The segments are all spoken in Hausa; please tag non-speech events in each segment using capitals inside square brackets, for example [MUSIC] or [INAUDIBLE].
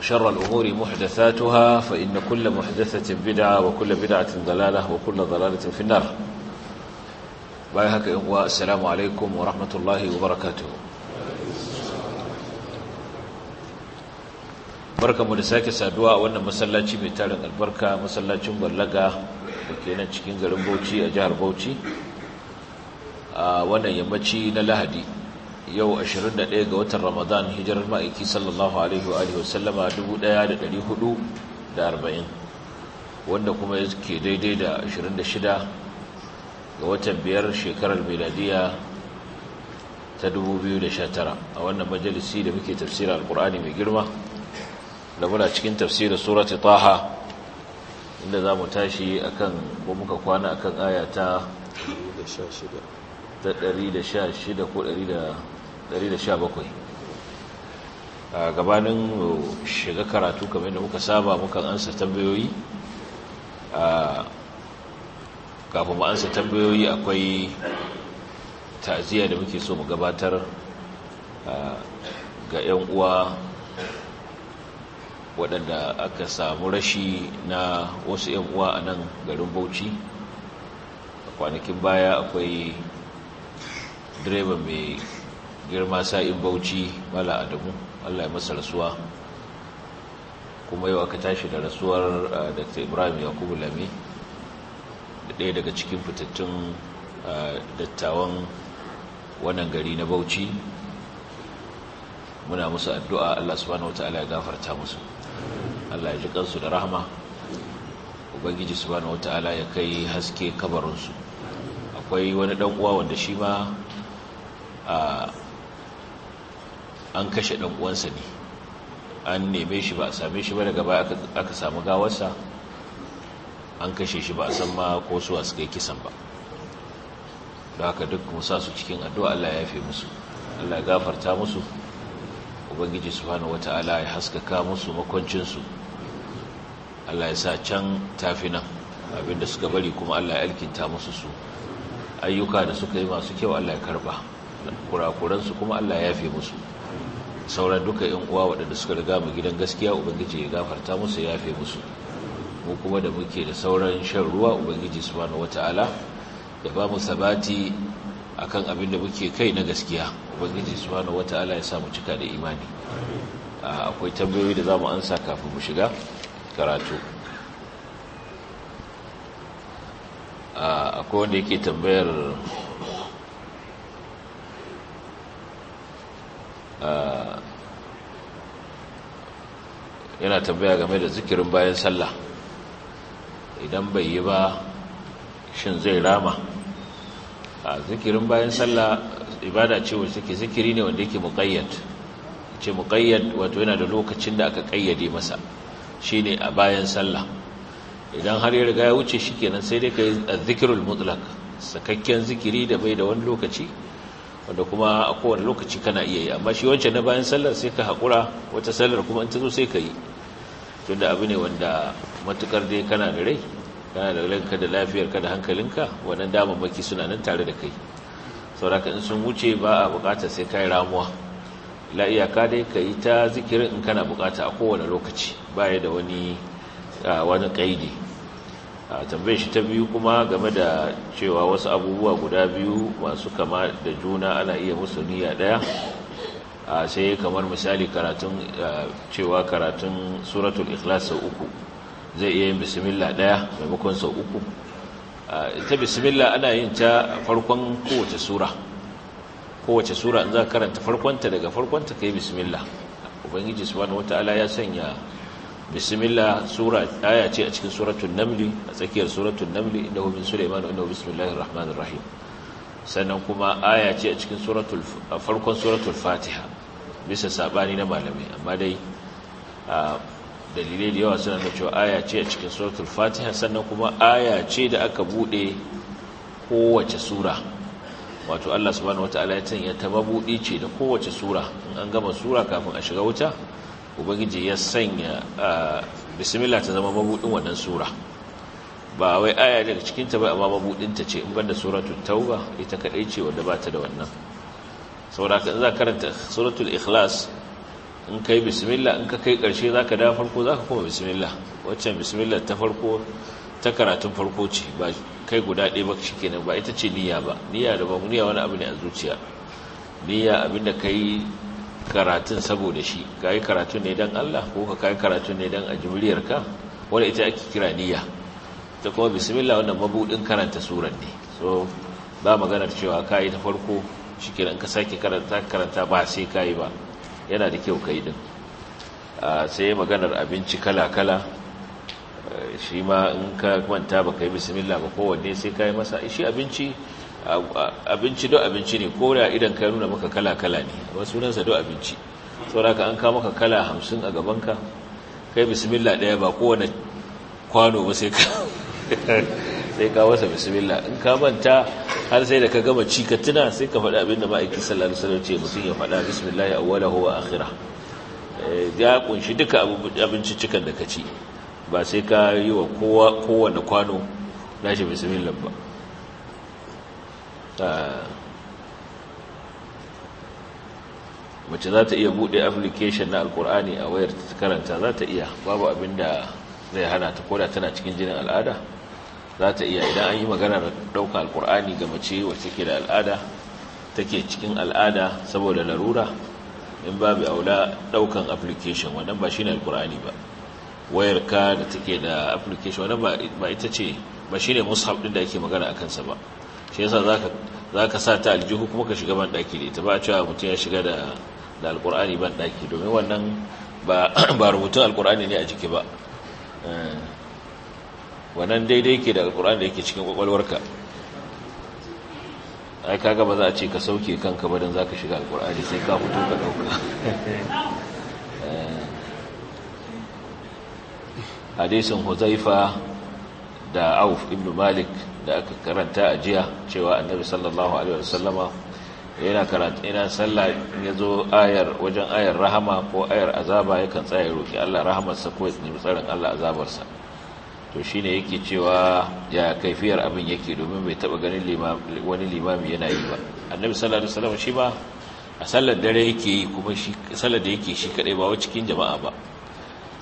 وشر الأمور محدثاتها فإن كل محدثة بدعة وكل بدعة ضلالة وكل ضلالة في النار بايهك إغواء السلام عليكم ورحمة الله وبركاته barka mu da sake saduwa a wannan masallaci mai tarin albarka masallacin ballaga da cikin garin bauchi a jihar bauchi a wannan yammaci na lahadi yau 21 ga watan ramadan hijirar ma'aiki sallallahu alaihi wa alihi wasallama 1440 wanda kuma ke daidai da 26 ga watan biyar shekarar miladiya ta 2019 a wannan majalisi da muke tafsirar alkur'ani mai girma da muna cikin tafsirar surati taha inda za mu tashi akan ko muka kwana akan aya ta 116 ko 117 117 gabanin shiga karatu kamar da muka saba mukan ansa tambayoyi kafin mu ansa tambayoyi akwai ta'aziyya da muke so mu gabatar ga 'yan uwa waɗanda aka samu rashi na wasu 'yan uwa a nan garin bauchi a kwanakin baya akwai direba mai girma sa'in bauchi mala adamu allah ya masa rasuwa kuma yau aka tashi da rasuwar uh, dr ibrahim yakubu lami da ɗaya daga cikin fitattun uh, dattawan wannan gari na bauchi muna musu addu'a allah subhanahu wa ta'ala ya gafarta musu allah ya ji kansu da rahama ubangiji subhanahu wa ta'ala ya kai haske kabarinsu akwai wani ɗan uwa wanda shi ma a uh, an kashe ɗan uwansa ne an neme shi ba a same shi ba daga baya aka samu gawarsa an kashe shi ba a san ma ko su suka yi kisan ba da haka duk musa su cikin addu'a Allah ya fi musu Allah ya gafarta musu ubangiji su wata ala ya haskaka musu makwancinsu Allah ya sa can tafi nan abinda suka bari kuma Allah ya alkinta musu su ayyuka da suka yi masu kyau Allah ya karba kurakuransu kuma Allah ya fi musu sauran duka yan uwa waɗanda suka riga mu gidan gaskiya ubangiji ya gafarta musu ya yafe musu mu kuma da muke da sauran shan ruwa ubangiji subhanahu wataala ya ba mu sabati akan abin da muke kai na gaskiya ubangiji subhanahu wataala ya sa mu cika da imani akwai tambayoyi da za mu ansa kafin mu shiga karatu akwai wanda yake tambayar Ah, yana tambaya game da zikirin bayan sallah idan bai yi ba shin zai rama a ah, zikirin bayan sallah ibada ce wa suke zikiri ne wanda yake muqayyad ce muqayyad wato yana da lokacin da aka kayyade masa shine a bayan sallah idan har ya riga ya wuce shi shikenan sai dai kai zikirul mutlaq sakakken zikiri da bai da wani lokaci wanda kuma a kowane lokaci kana iya yi amma shi wancan na bayan sallar sai ka haƙura wata sallar kuma in ta zo sai ka yi tunda abu ne wanda matukar dai kana da rai kana da ranka da lafiyarka da hankalinka wannan damammaki suna nan tare da kai sauraka in sun wuce ba a bukata sai ka yi ramuwa la iyaka dai ka yi ta zikirin in kana bukata a kowane lokaci baya da wani ah, wani kaidi a tambaye shi ta biyu kuma game da cewa wasu abubuwa guda biyu masu kama da juna ana iya musu niyya daya a sai kamar misali karatun cewa karatun suratul ikhlas sau uku zai iya yin bismillah daya maimakon sau uku ita bismillah ana yin ta farkon kowace sura kowace sura in za karanta farkonta daga farkonta ka yi bismillah ubangiji subhanahu wataala ya sanya bismillah sura aya ce a cikin suratul namli a tsakiyar suratul namli inda min sulaiman inda bismillahir rahmanir rahim sannan kuma aya ce a cikin suratul farkon suratul fatiha bisa sabani na malamai amma dai dalilai da yawa suna da cewa aya ce a cikin suratul fatiha sannan kuma aya ce da aka bude kowace sura wato Allah subhanahu wataala ya tanya ta mabudi ce da kowace sura in an gama sura kafin a shiga wuta ubangiji ya sanya bismillah ta zama mabudin wannan sura ba wai aya daga cikinta ba amma mabudinta ce in banda suratul tauba ita kadai ce wanda ba ta da wannan saboda in za karanta suratul ikhlas in kai bismillah in ka kai karshe ka dawo farko za ka kuma bismillah waccan bismillah ta farko ta karatun farko ce ba kai guda ɗaya ba shikenan ba ita ce niyya ba niyya da ba niyya wani abu ne a zuciya niyya abinda kai karatun saboda shi ka yi karatun ne don Allah ko ka yi karatun ne don ka wadda ita ake kira niyya ta kuma bismillah wannan mabudin karanta surar ne so ba magana cewa ka yi ta farko shi kiran ka sake karanta karanta ba sai ka yi ba yana da kyau ka yi din sai maganar abinci kala-kala eh, shi ma in ka kwanta ba ka yi bismillah ba kowanne sai ka yi masa shi abinci abinci do abinci ne ko da idan ka nuna maka kala-kala ne amma sunansa do abinci sauraka an kama ka kala hamsin a gabanka kai bismillah daya ba kowane kwano ba sai ka wasa [LAUGHS] bismillah in ka manta har sai da ka gama ci ka tuna sai ka faɗi abinda ma'aikin sallar sallar ce mutum ya faɗa bismillah awwalahu wa akhira eh, ya kunshi duka abinci cikan da ka ci ba sai ka yi wa kowane kwano shi bismillah ba Ah. mace za ta iya buɗe application na alkur'ani a wayar ta karanta za ta iya babu abin da zai hana ta koda tana cikin jinin al'ada za ta iya idan an yi maganar ɗauka alkur'ani ga mace wacce ke da al'ada take cikin al'ada saboda larura in babu aula ɗaukan application wannan ba shi ne alkur'ani ba wayar ka da take da application wannan ba ita ce ba shi ne mushaf ɗin da ake magana a kansa ba shi yasa za ka sa ta aljihu kuma ka shiga banɗaki da ita ba a cewa mutum ya shiga da alƙur'ani banɗaki domin wannan ba [CLEARS THROAT] rubutun alƙur'ani ne a jiki ba eh, wannan daidai ke da alƙur'ani da yake cikin ƙwaƙwalwarka ai kaga ba za a ce ka sauke kanka ba don za ka shiga alƙur'ani sai ka fito ka ɗauka eh. hadisin huzaifa da auf ibn malik da aka karanta a jiya cewa annabi sallallahu alaihi wasallama yana karanta ina sallah ya ayar wajen ayar rahama ko ayar azaba yakan tsaya ya roki Allah rahamarsa ko ya nemi tsarin Allah azabarsa to shine yake cewa ya kaifiyar abin yake domin bai taba ganin wani limami yana yi ba annabi sallallahu alaihi wasallama shi ba a sallar dare yake kuma shi sallar da yake shi kadai ba wa cikin jama'a ba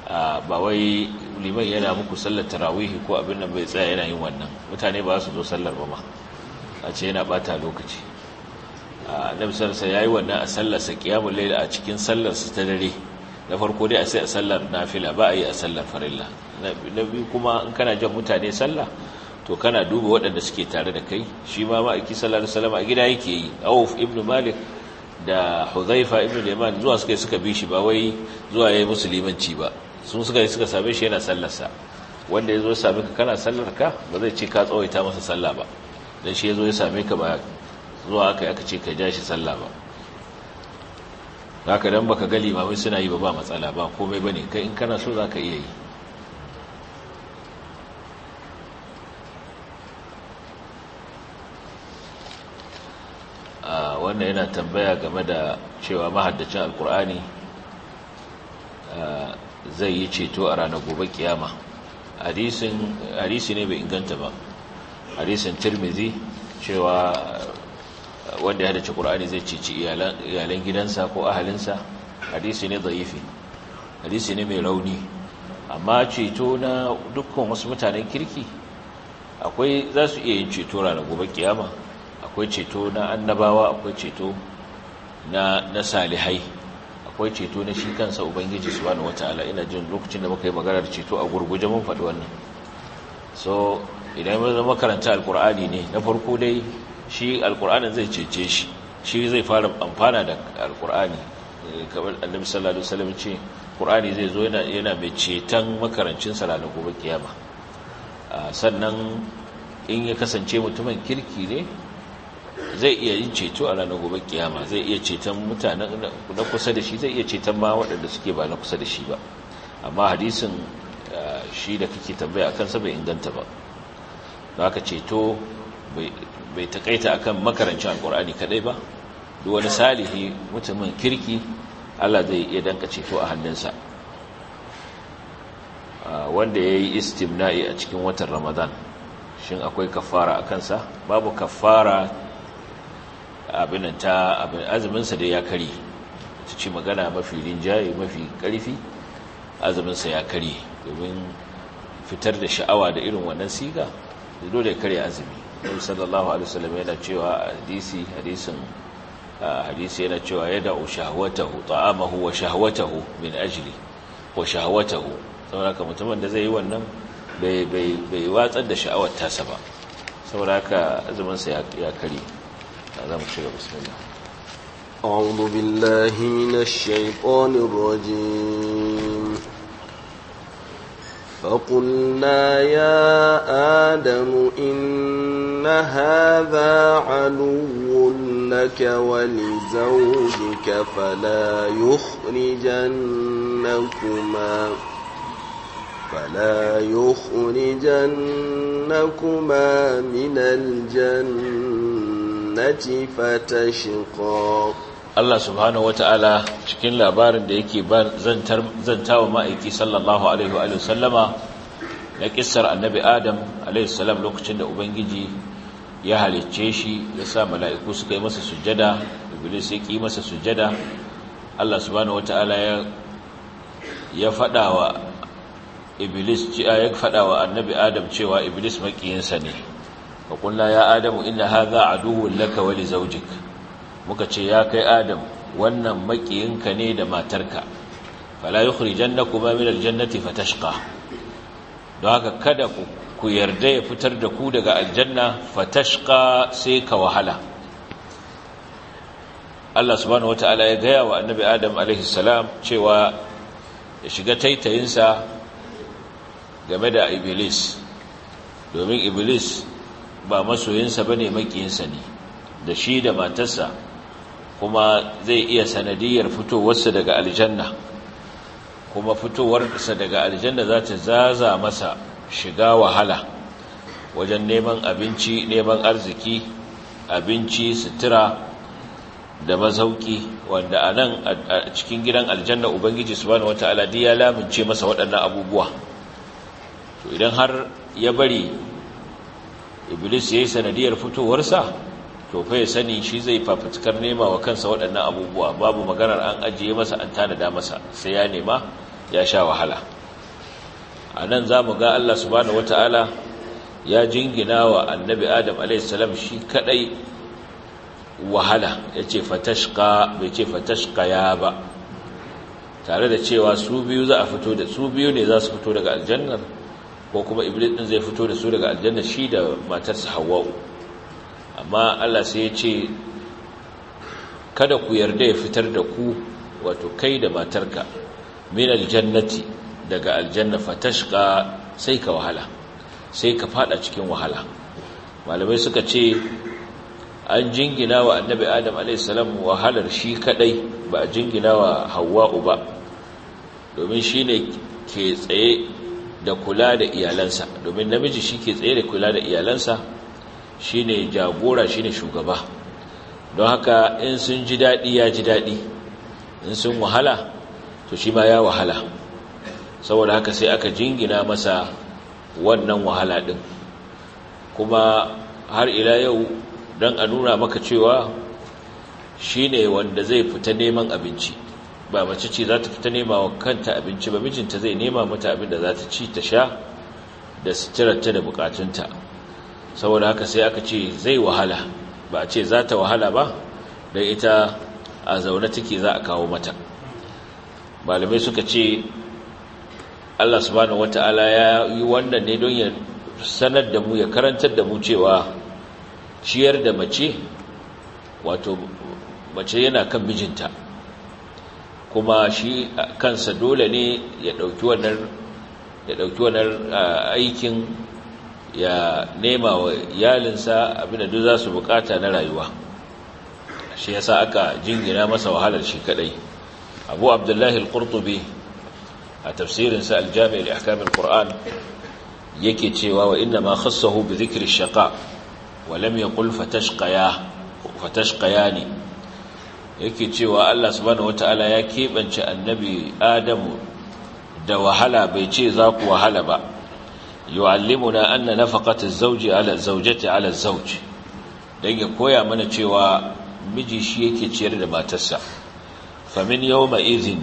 ba wai liman yana muku sallar tarawihi ko abin nan bai tsaya yana yin wannan mutane ba su zo sallar ba ma a ce yana bata lokaci annabi sallallahu alaihi yayi wannan a sallar sa qiyamul layl a cikin sallar sa ta dare na farko dai a sai a sallar nafila ba a yi a sallar farilla na biyu kuma in kana jan mutane sallah to kana duba waɗanda suke tare da kai shi ma ma'aiki sallar alaihi a gida yake yi awuf ibnu malik da huzaifa ibnu yaman zuwa suka suka bi shi ba wai zuwa ya yayi musulmanci ba Sun suka yi suka same shi yana sallarsa wanda ya zo ya same ka kana sallar ka ba zai ce ka tsawaita masa sallah ba don shi ya zo ya same ka ba zuwa aka yi aka ce ka ja shi sallah ba haka dan baka gali ba suna yi ba ba matsala ba komai bane kai in kana so za ka iya yi wannan yana tambaya game da cewa mahaddacin alkur'ani zai yi ceto a ranar gobe kiyama hadisi ne bai inganta ba hadisin tirmizi cewa eh, wanda ya hadace ƙura'ani zai cici iyalan gidansa ko ahalinsa hadisi ne zaifi hadisi ne mai rauni amma ceto na dukkan wasu mutanen kirki akwai za su iya yin ceto ranar gobe kiyama akwai ceto na annabawa akwai ceto na salihai akwai ceto na shi kansa ubangiji subhanahu wataala ina jin lokacin da muka yi maganar ceto a gurguje mun faɗi wannan so idan yi zama makaranta alkur'ani ne na farko dai shi alkur'anin zai cece shi shi zai fara amfana da alkur'ani eh, kamar annabi sallallahu alaihi ce qur'ani zai zo yana yana mai ceton makarancin sa gobe kiyama ah, sannan in ya kasance mutumin kirki ne zai iya yin ceto a ranar gobe kiyama zai iya ceton mutane na kusa da shi zai iya ceton ma waɗanda suke ba na kusa da shi ba amma hadisin eh, shi da kake tambaya akan kansa bai inganta ba za ka ceto bai takaita akan makarancin alkur'ani kadai ba duk wani salihi mutumin kirki Allah zai iya danka ceto a hannunsa ah, wanda ya yi istimna'i a cikin watan ramadan shin akwai kafara a kansa babu kafara abinan ta abin azuminsa dai ya kari su ci magana mafi rinjaye mafi karfi azuminsa ya kari domin fitar da sha'awa da irin wannan siga da dole ya kare azumi nabi sallallahu alaihi wasallam yana cewa hadisi hadisin hadisi yana cewa yada shahwatahu ta'amahu wa shahwatahu min ajli wa shahwatahu saboda mutumin da zai yi wannan bai watsar da sha'awar tasa ba saboda haka azuminsa ya kare بسم الله أعوذ بالله من الشيطان الرجيم فقلنا يا آدم إن هذا عدو لك ولزوجك فلا يخرجنكما فلا يخرجنكما من الجنة الجنة فتشقى Allah subhanahu wata'ala cikin labarin da yake zantawa ma'aiki sallallahu alaihi wa sallama na kissar annabi Adam alaihi salam lokacin da Ubangiji ya halicce shi ya sa mala'iku suka yi masa sujjada Iblis ya ƙi masa sujjada Allah subhanahu wata'ala ya ya faɗa wa Iblis ya faɗa wa annabi Adam cewa Iblis makiyinsa ne Kwaƙulla ya adamu inna a aduwwun laka wa li muka ce ya kai adam wannan makiyinka ne da matarka fala kuma min jannati fatashqa don haka kada ku yarda ya fitar da ku daga aljanna fatashqa sai ka wahala Allah subhanahu wataala ya gaya wa annabi adam alaihi cewa ya shiga taitayinsa game da iblis domin iblis ba masoyinsa ba ne makiyinsa ne da shi da matarsa kuma zai iya sanadiyar fitowarsa daga aljanna kuma fitowarsa daga aljanna za ta zaza masa shiga wahala wajen neman abinci neman arziki abinci sutura da mazauki wanda a nan a cikin gidan aljanna ubangiji su bani wata ya lamince masa waɗannan abubuwa to idan har ya bari iblis ya yi sanadiyar fitowarsa to fai sani shi zai fafutukar nema wa kansa waɗannan abubuwa babu maganar an ajiye masa an tanada masa sai ya nema ya sha wahala a nan za mu ga allah su subhanahu wata'ala ya jingina wa annabi adam alaihissalam shi kaɗai wahala ya ce fatashka bai ce fatashka ya ba tare da cewa su biyu za a fito da su biyu ne za su fito daga aljannar ko kuma iblis din zai fito da su daga aljanna shi da matarsa hawa'u amma Allah sai ya ce kada ku yarda ya fitar da ku wato kai da matarka min aljannati daga aljanna fatashqa sai ka wahala sai ka fada cikin wahala malamai suka ce an jingina wa annabi adam salam wahalar shi kadai ba a jingina wa hawa'u ba domin shine ke tsaye da kula da iyalansa domin namiji shi ke tsaye da kula da iyalansa shi ne jagora shi ne shugaba don haka in sun ji daɗi ya ji daɗi in sun wahala to shi ma ya wahala saboda haka sai aka jingina masa wannan wahala ɗin kuma har ila yau don a nuna maka cewa shi ne wanda zai fita neman abinci ba mace ce za ta fita nema wa kanta abinci ba mijinta zai nema mata abin da za ta ci ta sha da suturarta da bukatunta saboda haka sai aka ce zai wahala ba ce za ta wahala ba don ita a zaune take za a kawo mata malamai suka ce allah subhanahu wata'ala ya yi wannan ne don ya sanar da mu ya karantar da mu cewa ciyar da mace wato mace yana kan mijinta kuma shi kansa dole ne ya ɗauki wannan aikin ya nema wa iyalinsa abinda duk za su bukata na rayuwa shi yasa aka jingina masa wahalar shi kadai abu abdullahi al-qurtubi a tafsirinsa al-jami' al-ihkam al-qur'an yake cewa wa inna ma khassahu bi dhikri ash-shaqa wa lam yaqul fatashqaya fatashqayani yake cewa Allah subhanahu wataala ya keɓance annabi Adamu da wahala bai ce za ku wahala ba yu'allimuna anna nafaqata az-zawji 'ala az-zawjati 'ala az-zawj dan ya koya mana cewa miji shi yake ciyar da matarsa Fa min yawma idhin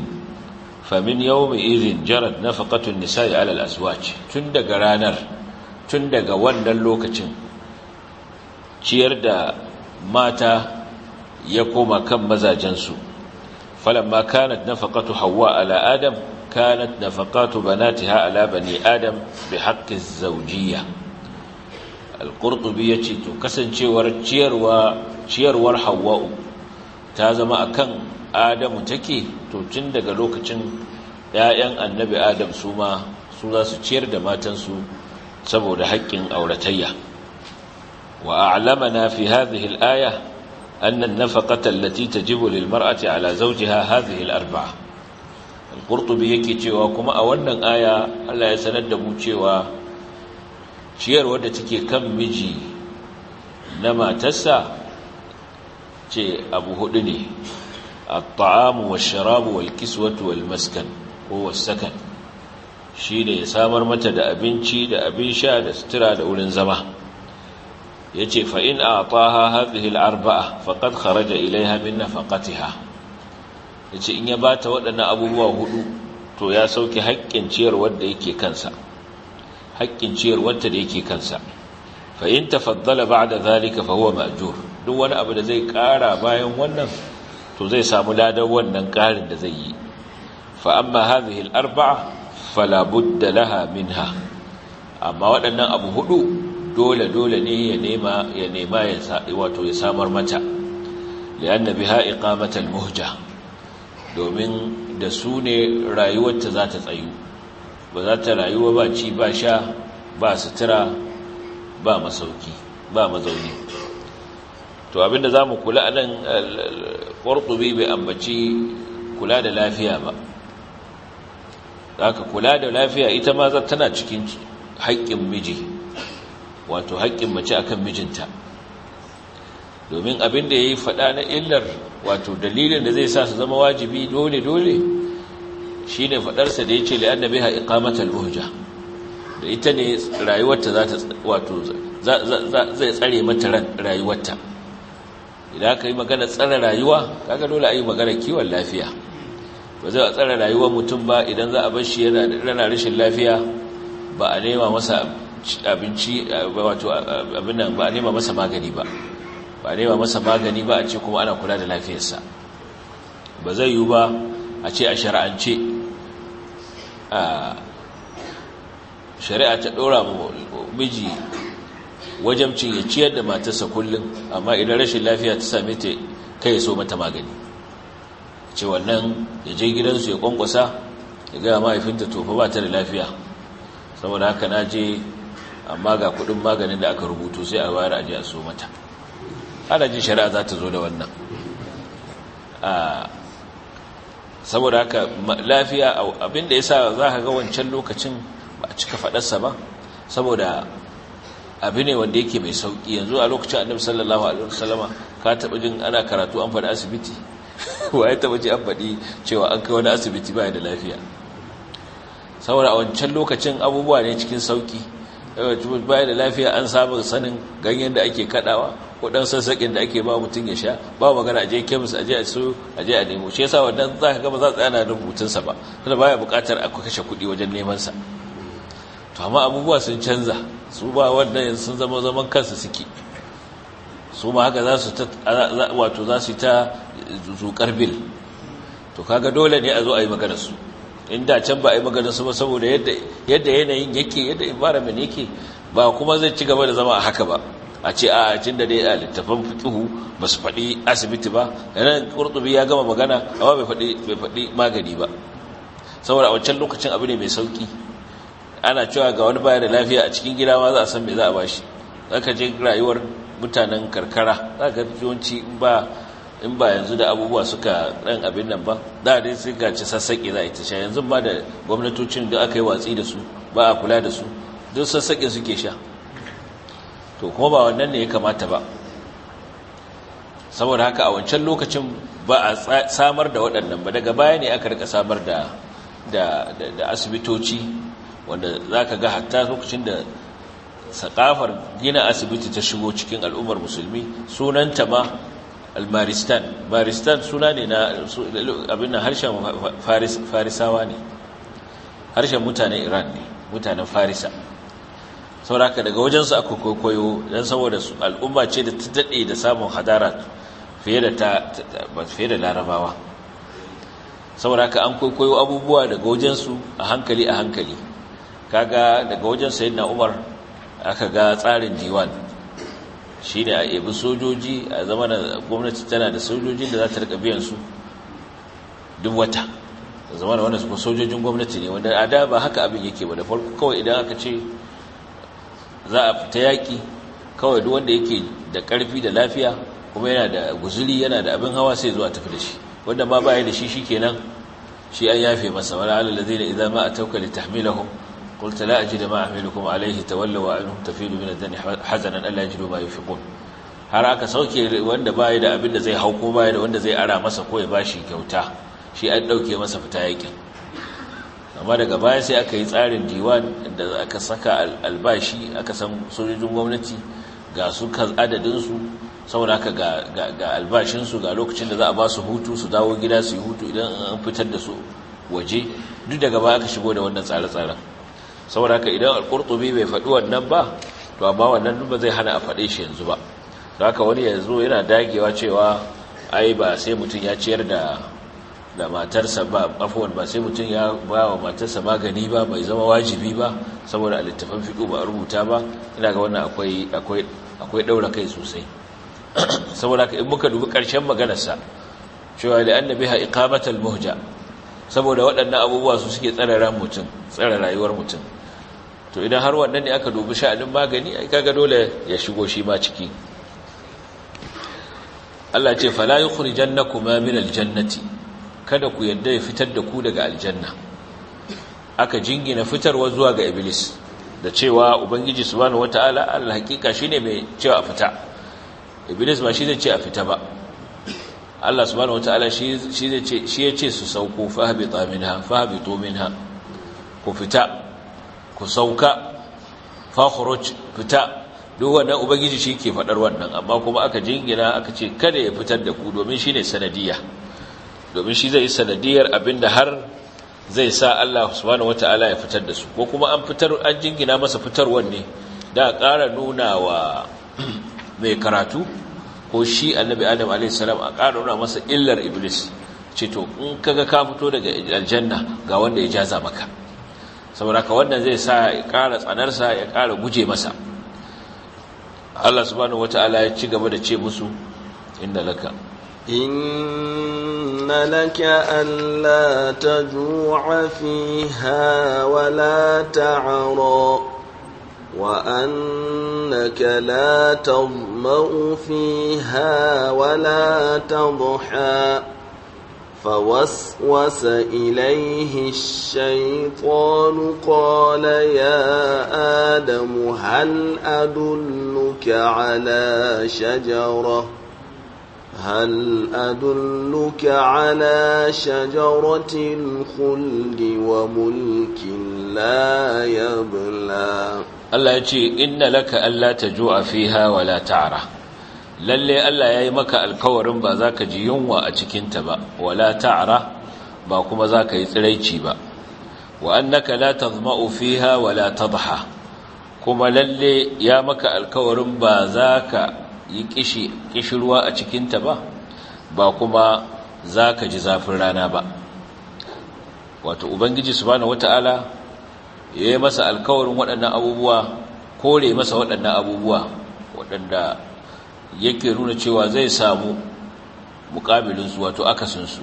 min yawma idhin jarat nafaqatu an-nisa'i 'ala al-azwaj tun daga ranar tun daga wannan lokacin ciyar da mata ya koma kan mazajensu falamma kanat nafaqatu hawa ala adam kanat nafaqatu banatiha ala bani adam bi haqqi zawjiyya al yace to kasancewar ciyarwa ciyarwar hawa ta zama akan adamu take to tun daga lokacin ƴaƴan annabi adam su ma su za su ciyar da matansu saboda haƙƙin auratayya wa a'lamana fi hadhihi al أن النفقة التي تجب للمرأة على زوجها هذه الأربعة القرطبي yake cewa kuma a wannan aya Allah ya sanar da mu cewa ciyarwar da take kan miji na matarsa ce abu huɗu ne at-ta'amu wash-sharabu wal-kiswatu wal-maskan ko was-sakan shine ya samar mata da abinci da abin sha da sutura da wurin zama yace fa in ataha hadhihi al-arba'a faqad kharaja ilaiha min Ya yace in ya bata waɗannan abubuwa hudu to ya sauke haƙƙin ciyar wanda yake kansa haƙƙin ciyar wanda da yake kansa fa faddala tafaddala ba'da zalika fa ma'jur duk wani abu da zai ƙara bayan wannan to zai samu ladan wannan ƙarin da zai yi fa amma hadhihi al-arba'a fala da laha minha amma waɗannan abu hudu dole dole ne ya nema ya nema ya wato ya samar mata li'anna biha iqamatal muhja domin da su ne rayuwarta za ta tsayu ba za ta rayuwa ba ci ba sha ba sutura ba masauki ba mazauni to abinda za mu kula nan ƙwarƙubi bai ambaci kula da lafiya ba za ka kula da lafiya ita ma za tana cikin haƙƙin miji wato haƙƙin mace akan mijinta domin abin da ya yi faɗa na illar wato dalilin da zai sa su zama wajibi dole-dole shi ne faɗarsa da ya ce la'an da biha iqamatal uhja da ita ne rayuwarta za ta wato zai tsare mata rayuwarta idan aka yi magana tsare rayuwa kaga dole a yi magana kiwon lafiya ba zai tsare rayuwar mutum ba idan za a bar shi yana rashin lafiya ba a nema masa abinci eh, wato eh, abin nan ba a nema masa magani ba ba a nema masa magani ba a ce kuma ana kula da lafiyarsa ba zai yi ba a ce a shari'ance a shari'a ta ɗora miji wajen ya ciyar da matarsa kullum amma idan rashin lafiya ta same ta kai ya so mata magani ce wannan ya je gidansu ya kwankwasa ya gaya mahaifinta tofa ba ta da lafiya saboda haka na je amma ga kudin maganin da aka rubuto sai a bayar aje a so mata ana jin shari'a za ta zo da wannan saboda haka lafiya abinda ya sa za ka ga wancan lokacin ba a cika faɗarsa ba saboda abu ne wanda yake mai sauki yanzu a lokacin annabi sallallahu alaihi wasallama ka taba jin ana karatu an fadi asibiti [LAUGHS] wa ya taɓa ji an faɗi cewa an kai wani asibiti ba da lafiya saboda a wancan lokacin abubuwa ne cikin sauki Eh, baya da lafiya an saba sanin ganyen da ake kadawa ko dan sassaƙin da ake ba mutum ya sha ba magana je kemis aje a su aje a nemo shi yasa wannan za ka gaba za tsaya na rubutun sa ba tunda baya buƙatar a kashe kuɗi wajen neman sa to amma abubuwa sun canza su ba wannan sun zama zaman kansu suke su ma haka za su ta wato za su ta zukar bil to kaga dole ne a zo a yi magana su inda can ba a yi magana su ba saboda yadda yanayin yake yadda environment yake ba kuma zai ci gaba da zama a haka ba a ce a cin da dai a littafin fituhu ba su faɗi asibiti ba nan ƙurtubi ya gama magana amma bai faɗi magani ba saboda a wancan lokacin abu ne mai sauƙi ana cewa ga wani baya da lafiya a cikin gida ma za a san me za a bashi za ka je rayuwar mutanen karkara za ka yawanci ba in ba yanzu da abubuwa suka ɗan abin nan ba da dai sai gaci sassaƙi za a ita sha yanzu ba da gwamnatocin da aka yi watsi da su ba a kula da su duk sassaƙi suke sha to kuma ba wannan ne ya kamata ba saboda haka a wancan lokacin ba a samar da waɗannan ba daga baya ne aka rika samar da asibitoci wanda za ka ga hatta lokacin da sakafar gina asibiti ta shigo cikin al'ummar musulmi sunanta ma almaristan maristan suna ne na abin nan harshen farisawa ne harshen mutanen iran ne mutanen farisa sauraka daga wajensu aka kwaikwayo don saboda al'umma ce da ta daɗe da samun hadara fiye da larabawa sauraka an kwaikwayo abubuwa daga wajensu a hankali a hankali kaga daga wajensu yana umar aka ga tsarin diwan shi ne a ebi sojoji a zama da gwamnati tana da sojojin da za ta rika biyan su duk wata zama da sojojin gwamnati ne wanda a ba haka abin yake ba da farko kawai idan aka ce za a fita yaƙi kawai duk wanda yake da ƙarfi da lafiya kuma yana da guzuli yana da abin hawa sai zuwa tafi da shi wanda ma baya da shi shi kenan shi an yafe masa wala alal da idan ma atawka litahmilahum قلت لا أجد ما أحملكم عليه تولوا وأنهم تفيد من الدن حزنا ألا يجدوا ما ينفقون har aka sauke wanda baya da abin da zai hau ko baya da wanda zai ara masa ko ya bashi kyauta shi an dauke masa fita yakin amma daga baya sai aka yi tsarin diwan da aka saka albashi aka san sojojin gwamnati ga su kan adadin su saboda ga ga albashin su ga lokacin da za a ba su hutu su dawo gida su yi hutu idan an fitar da su waje duk daga baya aka shigo da wannan tsare-tsaren saboda haka idan al-qurtubi bai faɗi wannan ba to amma wannan ba zai hana a faɗe shi yanzu ba haka wani yanzu yana dagewa cewa ai ba sai mutum ya ciyar da da matarsa ba afuwan ba sai mutum ya ba wa matarsa magani ba bai zama wajibi ba saboda littafin fiƙo ba rubuta ba ina ga wannan akwai akwai akwai daura kai sosai [CLEARS THROAT] saboda in muka dubi ƙarshen maganarsa cewa da annabiha iqamatul muhja saboda waɗannan abubuwa su suke tsare mutum tsara rayuwar mutum to idan har wannan ne aka dubi sha'anin magani ai kaga dole ya shigo shi ma ciki Allah ce fala yukhrijannakuma min aljannati kada ku yadda ya fitar da ku daga aljanna aka jingina fitarwa zuwa ga iblis da cewa ubangiji subhanahu wataala Allah hakika shine mai cewa fita iblis ba shi zai ce a fita ba Allah subhanahu wataala shi ce shi yace su sauko fahbita minha fahbitu minha ku fita ku sauka fakhruj fita duk wannan ubangiji shi ke fadar wannan amma kuma aka jingina aka ce kada ya fitar da ku domin shine sanadiyya domin shi zai sanadiyar abinda har zai sa Allah subhanahu wataala ya fitar da su ko kuma an fitar an jingina masa fitarwan ne da ƙara nuna wa [CLEARS THROAT] mai karatu ko shi annabi adam salam a ƙara nuna masa illar iblis ce to in kaga ka fito daga aljanna ga wanda ya jaza maka saboda ka wannan zai sa ya ƙara tsanarsa ya ƙara guje masa Allah subhanahu wata'ala ya ci gaba da ce musu inda laka inna laka la taju'a fiha wa la ta'ara وأنك لا تظمأ فيها ولا تضحى فوسوس إليه الشيطان قال يا آدم هل أدلك على شجرة هل أدلك على شجرة الخلد وملك لا يبلى الله يجي إن لك ألا تجوع فيها ولا تعرى lalle Allah ya yi maka alkawarin ba za ka ji yunwa a cikinta ba wala ta'ara ba kuma za ka yi tsiraici ba wa annaka la tazma'u fiha wala tadha kuma lalle ya maka alkawarin ba za ka yi kishi kishirwa a cikinta ba ba kuma za ka ji zafin rana ba wato ubangiji su bane wata'ala ya yi masa alkawarin waɗannan abubuwa kore masa waɗannan abubuwa waɗanda yake nuna cewa zai samu mukabilinsu wato akasinsu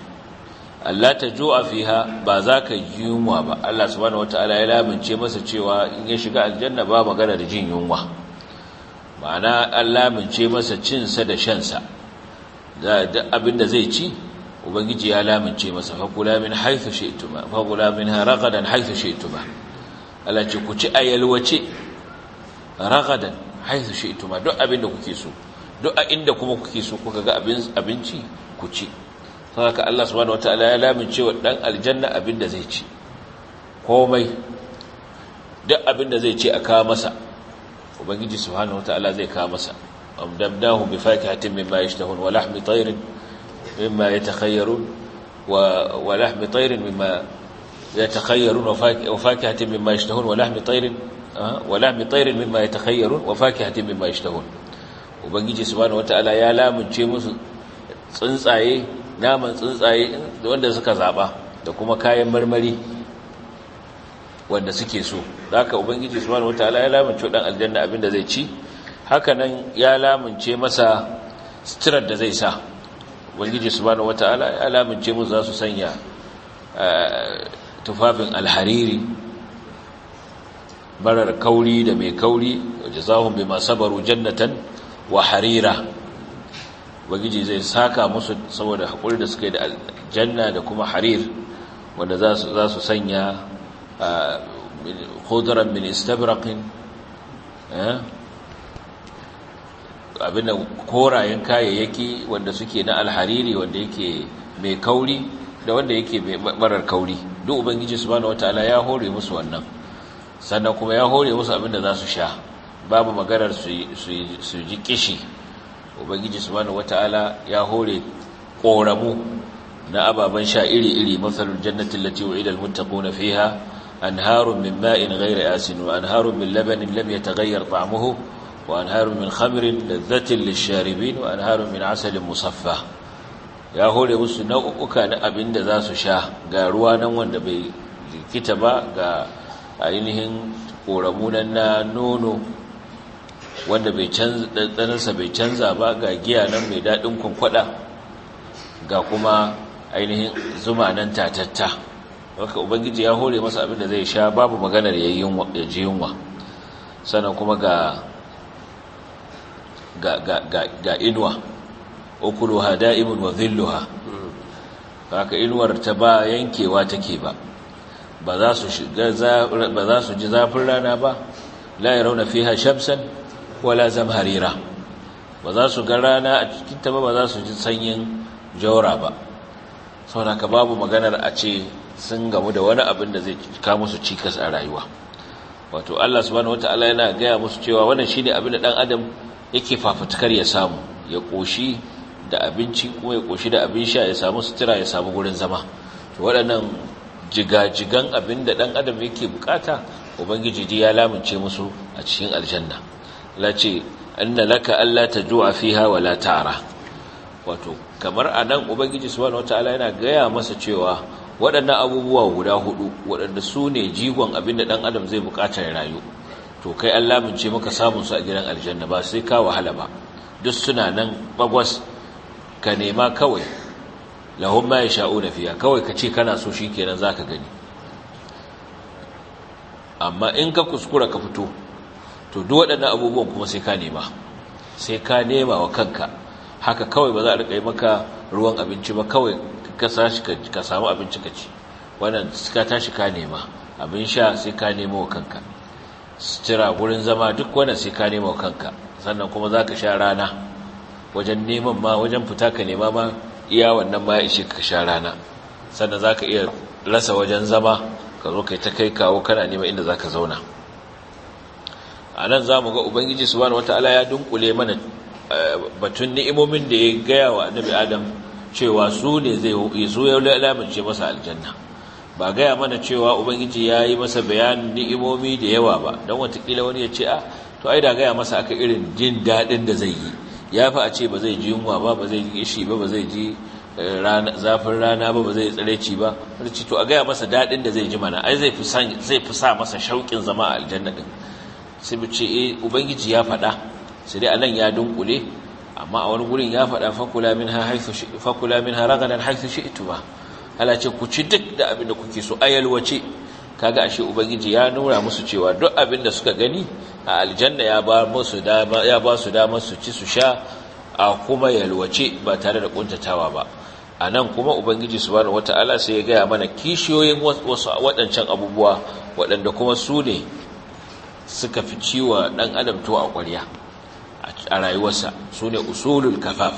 Allah ta a fiha ba za ka ji yunwa ba Allah bane wata'ala ya labince masa cewa in ya shiga aljanna ba magana da jin yunwa ma'ana an lamince masa cinsa da shansa duk abinda zai ci ubangiji ya lamince masa fakula min haithu shaituma fakula min ragadan haifu shaituma Allah ce ku ci a yalwace ragadan shetu shaituma duk abinda kuke so duk a inda kuma kuke so kuka ga abinci ku ci saka Allah subhanahu wataala ya lamince wa dan aljanna abinda zai ci komai duk abinda zai ci a kawo masa ubangiji subhanahu wataala zai kawo masa amdamdahu bi fakihatin mimma yashtahun wa lahmi tayrin mimma yatakhayyarun wa wa lahmi tayrin mimma yatakhayyarun wa fakihatin mimma yashtahun wa lahmi tayrin wa lahmi tayrin mimma yatakhayyarun wa fakihatin mimma yashtahun ubangiji subhanahu wataala ya lamunce musu tsuntsaye naman tsuntsaye wanda suka zaba da kuma kayan marmari wanda suke so haka ubangiji subhanahu wataala ya lamunce dan aljanna abin da zai ci haka nan ya lamunce masa sitirar da zai sa ubangiji subhanahu wataala ya lamunce musu za su sanya eh, tufafin alhariri barar kauri da mai kauri jazahum bima sabaru jannatan wa harira ubangiji zai saka musu saboda hakuri da suke da aljanna da kuma harir wanda za su sanya خضرا من استبرق abinda korayen kayayyaki wanda suke na alhariri wanda yake mai kauri da wanda yake marar kauri duk ubangiji subhanahu wataala ya hore musu wannan sannan kuma ya hore musu abinda za su sha babu maganar su ji kishi ubangiji subhanahu wataala ya hore ƙoramu na ababen sha iri-iri matsalul jannatin latiwa idan mutakuna fiha أنهار من ماء غير آسن وأنهار من لبن لم يتغير طعمه وأنهار من خمر لذة للشاربين وأنهار من عسل مصفى ya hore musu nau'uka na abin da za su sha ga ruwa nan wanda bai likita ba ga ainihin na nono wanda bai canza ba ga giya nan mai daɗin kwankwada ga kuma ainihin zuma nan tatatta haka ubangiji ya hore masa abin da zai sha babu maganar ya ji yunwa sannan kuma ga ga inuwa ukuluha da'imun wa dhilluha haka inuwar ta ba yankewa take ba ba za su shiga ba za su ji zafin rana ba la yarawna fiha shamsan wala zamharira ba za su ga rana a cikin ta ba ba za su ji sanyin jaura ba saboda ka babu maganar a ce sun gamu da wani abin da zai ka musu cikas a rayuwa wato Allah subhanahu wataala yana gaya musu cewa wannan shine abin da dan adam yake fafutukar ya samu ya koshi da abinci kuma ya koshi da abin sha ya samu sutura ya samu gurin zama to waɗannan jigajigan abin da ɗan adam yake bukata ubangiji ji ya lamince musu a cikin aljanna Allah ce anna laka alla tajua fiha wala ta'ara?" wato kamar a nan ubangiji subhanahu wataala yana gaya masa cewa waɗannan abubuwa guda hudu waɗanda su ne jigon abin da ɗan adam zai bukata ya rayu to kai Allah mun maka samun su a gidan aljanna ba sai ka wahala ba duk suna nan bagwas ka nema kawai lahun ma na fiya kawai ka ce kana so shi kenan za ka gani amma in ka kuskura ka fito to duk waɗannan abubuwan kuma sai ka nema sai ka nema wa kanka haka kawai ba za a riƙa yi maka ruwan abinci ba kawai ka samu abinci ka ci wannan suka tashi ka nema abin sha sai ka nemo wa kanka sutura gurin zama duk wannan sai ka nemo wa kanka sannan kuma za ka sha rana wajen neman ma wajen fita ka nema ma iya wannan ma ya ishe ka sha rana sannan za ka iya rasa wajen zama ka zo ka yi ta kai kawo kana nema inda za ka zauna a nan za mu ga ubangiji wata ala ya dunkule mana batun ni'imomin da ya gaya wa annabi adam cewa su ne zai su ya lamince masa aljanna ba gaya mana cewa ubangiji ya yi masa bayanin ni'imomi da yawa ba don watakila wani ya ce a ah, to ai da gaya masa aka irin jin daɗin da zai yi ya fi a ce ba zai ji yunwa ba ba zai ji ishi ba ba zai ji eh, zafin rana ba ba zai tsireci ba rici to a gaya masa daɗin da zai ji mana ai zai fi sa masa shauƙin zama a aljanna ɗin sai mu ce eh, ubangiji ya faɗa sai dai anan ya dunkule amma a wani gurin ya faɗa fakula minha haythu fakula minha ragadan haythu ba Allah ce ku ci duk da abin da kuke so ayalwace kaga ashe ubangiji ya nura musu cewa duk abin da suka gani a aljanna ya ba musu dama ya ba su dama su ci su sha a kuma yalwace ba tare da kuntatawa ba anan kuma ubangiji subhanahu wataala sai ya gaya mana kishiyoyin wasu waɗancan abubuwa waɗanda kuma su ne suka fi ciwa ɗan adam to a ƙwarya a rayuwarsa su ne usulul kafaf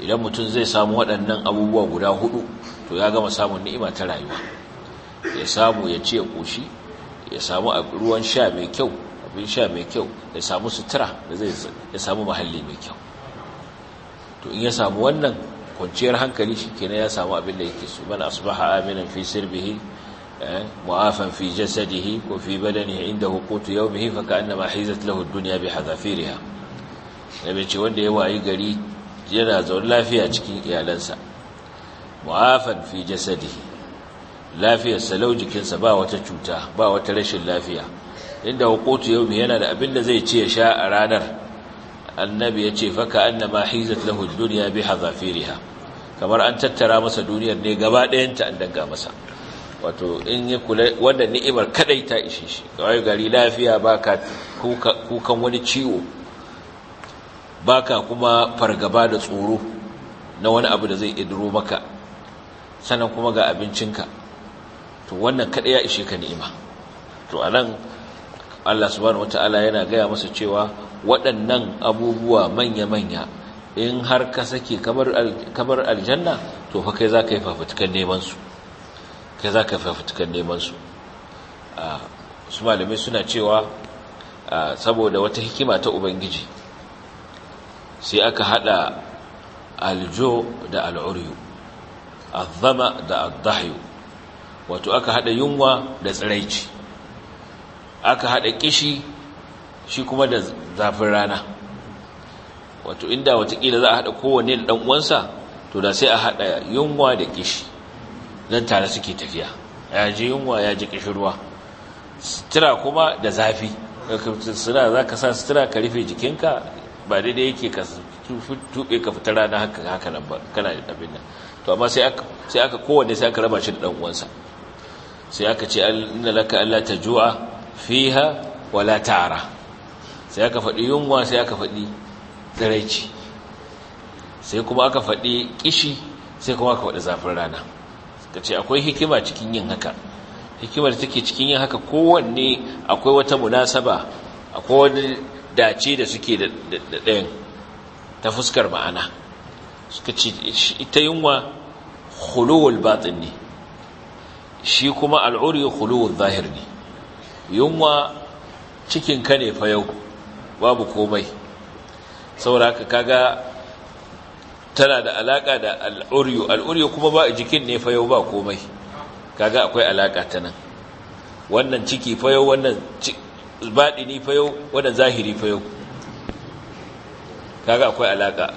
idan mutum zai samu waɗannan abubuwa guda hudu to ya gama samun ni'ima ta rayuwa ya samu ya ce ƙoshi ya samu ruwan sha mai kyau abin sha mai kyau ya samu sutura da zai ya samu mahalli mai kyau to in ya samu wannan kwanciyar hankali shikenan ya samu abin da yake so man asbaha aminan fi sirbihi eh, mu'afan fi jasadihi ko fi badani, inda huqutu yawmihi fa ka'annama hizat lahu ad-dunya bi hadafiriha nabi ce wanda ya wayi gari yana zaune lafiya cikin iyalansa mu'afan fi jasadi lafiyar salau jikinsa ba wata cuta ba wata rashin lafiya inda hukutu yau yana da abin da zai ce ya sha a ranar annabi ya ce faka annama hizat lahu duniya bi hazafiriha kamar an tattara masa duniyar ne gaba ɗayanta an danga masa wato in ya kula wanda ni'imar kadai ta ishe shi kawai gari lafiya ba ka kukan wani ciwo baka kuma fargaba da tsoro na wani abu da zai idiro maka sannan kuma ga abincinka to wannan kaɗai ya ishe ka ni'ima to anan Allah subhanahu wataala yana gaya masa cewa waɗannan abubuwa manya-manya in har ka sake kamar aljanna to fa kai za ka yi fafutukan neman kai za ka yi fafutukan neman su ah, malamai suna cewa ah, saboda wata hikima ta ubangiji sai aka hada aljo da al'uryu azzama da addahyu wato aka hada yunwa da tsiraici aka hada kishi shi kuma da zafin rana wato inda watakila za a hada kowanne da uwansa to da sai a hada yunwa da kishi don tare suke tafiya ya ji yunwa ya ji kishirwa sutura kuma da zafi suna za ka sa sutura ka rufe jikinka ba da yake ka tuɓe ka fita rana haka haka nan ba kana da abin nan to amma sai aka sai aka kowanne sai aka raba shi da dan uwansa sai aka ce inna laka alla tajua fiha wala tara sai aka faɗi yunwa sai aka faɗi daraici. sai kuma aka faɗi kishi sai kuma aka faɗi zafin rana ka ce akwai hikima cikin yin haka hikimar take cikin yin haka kowanne akwai wata munasaba akwai wani dace da suke da ɗayan ta fuskar ma'ana suka ce ita yunwa khuluwul batin ne shi kuma al'uri khuluwul zahir ne yunwa cikinka ne fa yau babu komai sauraka kaga tana da alaka da al'uriyu al'uriyu kuma ba a jikin ne fa yau ba komai kaga akwai alaka ta nan wannan ciki fa yau wannan baɗini fa yau wadda zahiri fa yau kaga akwai alaƙa.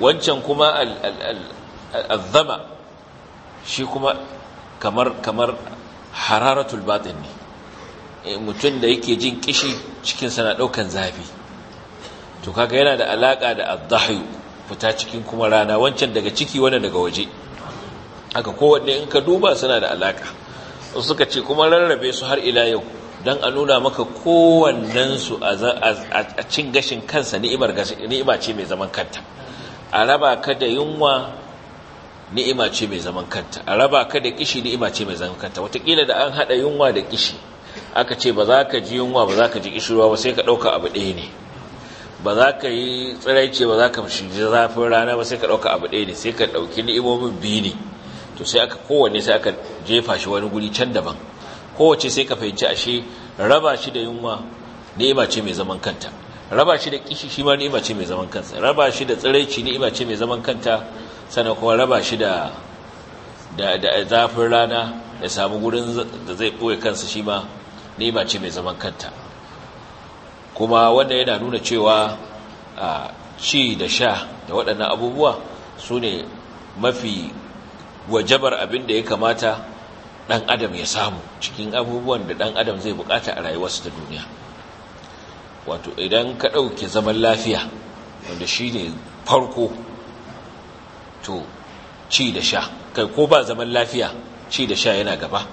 wancan kuma al-zama shi kuma kamar kamar hararatul baɗini ne eh, mutum da yake jin kishi cikin sana ɗaukan zafi to kaga yana da alaƙa da adh fita cikin kuma rana wancan daga ciki wannan daga waje haka kowanne in ka duba suna da alaka suka ce kuma rarrabe su har ila yau don a nuna maka kowannensu a cin gashin kansa ni'ima ce mai zaman kanta a raba ka da yunwa ni'ima ce mai zaman kanta a raba ka da kishi ni'ima ce mai zaman kanta watakila da an haɗa yunwa da kishi aka ce ba za ka ji yunwa ba za ka ji kishirwa ba sai ka ɗauka abu ɗaya ne ba za ka yi tsiraice ba za ka shi zafin rana ba sai ka ɗauka abu ɗaya ne sai ka ɗauki ni'imomin biyu ne to sai aka kowanne sai aka jefa shi wani guri can daban kowace sai ka fahimci ashe raba shi da yunwa ni'ima ce mai zaman kanta raba shi da kishi shi ma ni'ima ce mai zaman kansa raba shi da tsiraici ni'ima ce mai zaman kanta sannan kuma raba shi da da zafin rana da samu gurin da zai ɓoye kansa shi ma ni'ima ce mai zaman kanta kuma wanda yana nuna cewa a ci da sha da waɗannan abubuwa su ne mafi wajabar abin da ya kamata ɗan adam ya samu cikin abubuwan da ɗan adam zai bukata a rayuwarsa ta duniya wato idan ka ɗauke zaman lafiya wanda shi ne farko to ci da sha kai ko ba zaman lafiya ci da sha yana gaba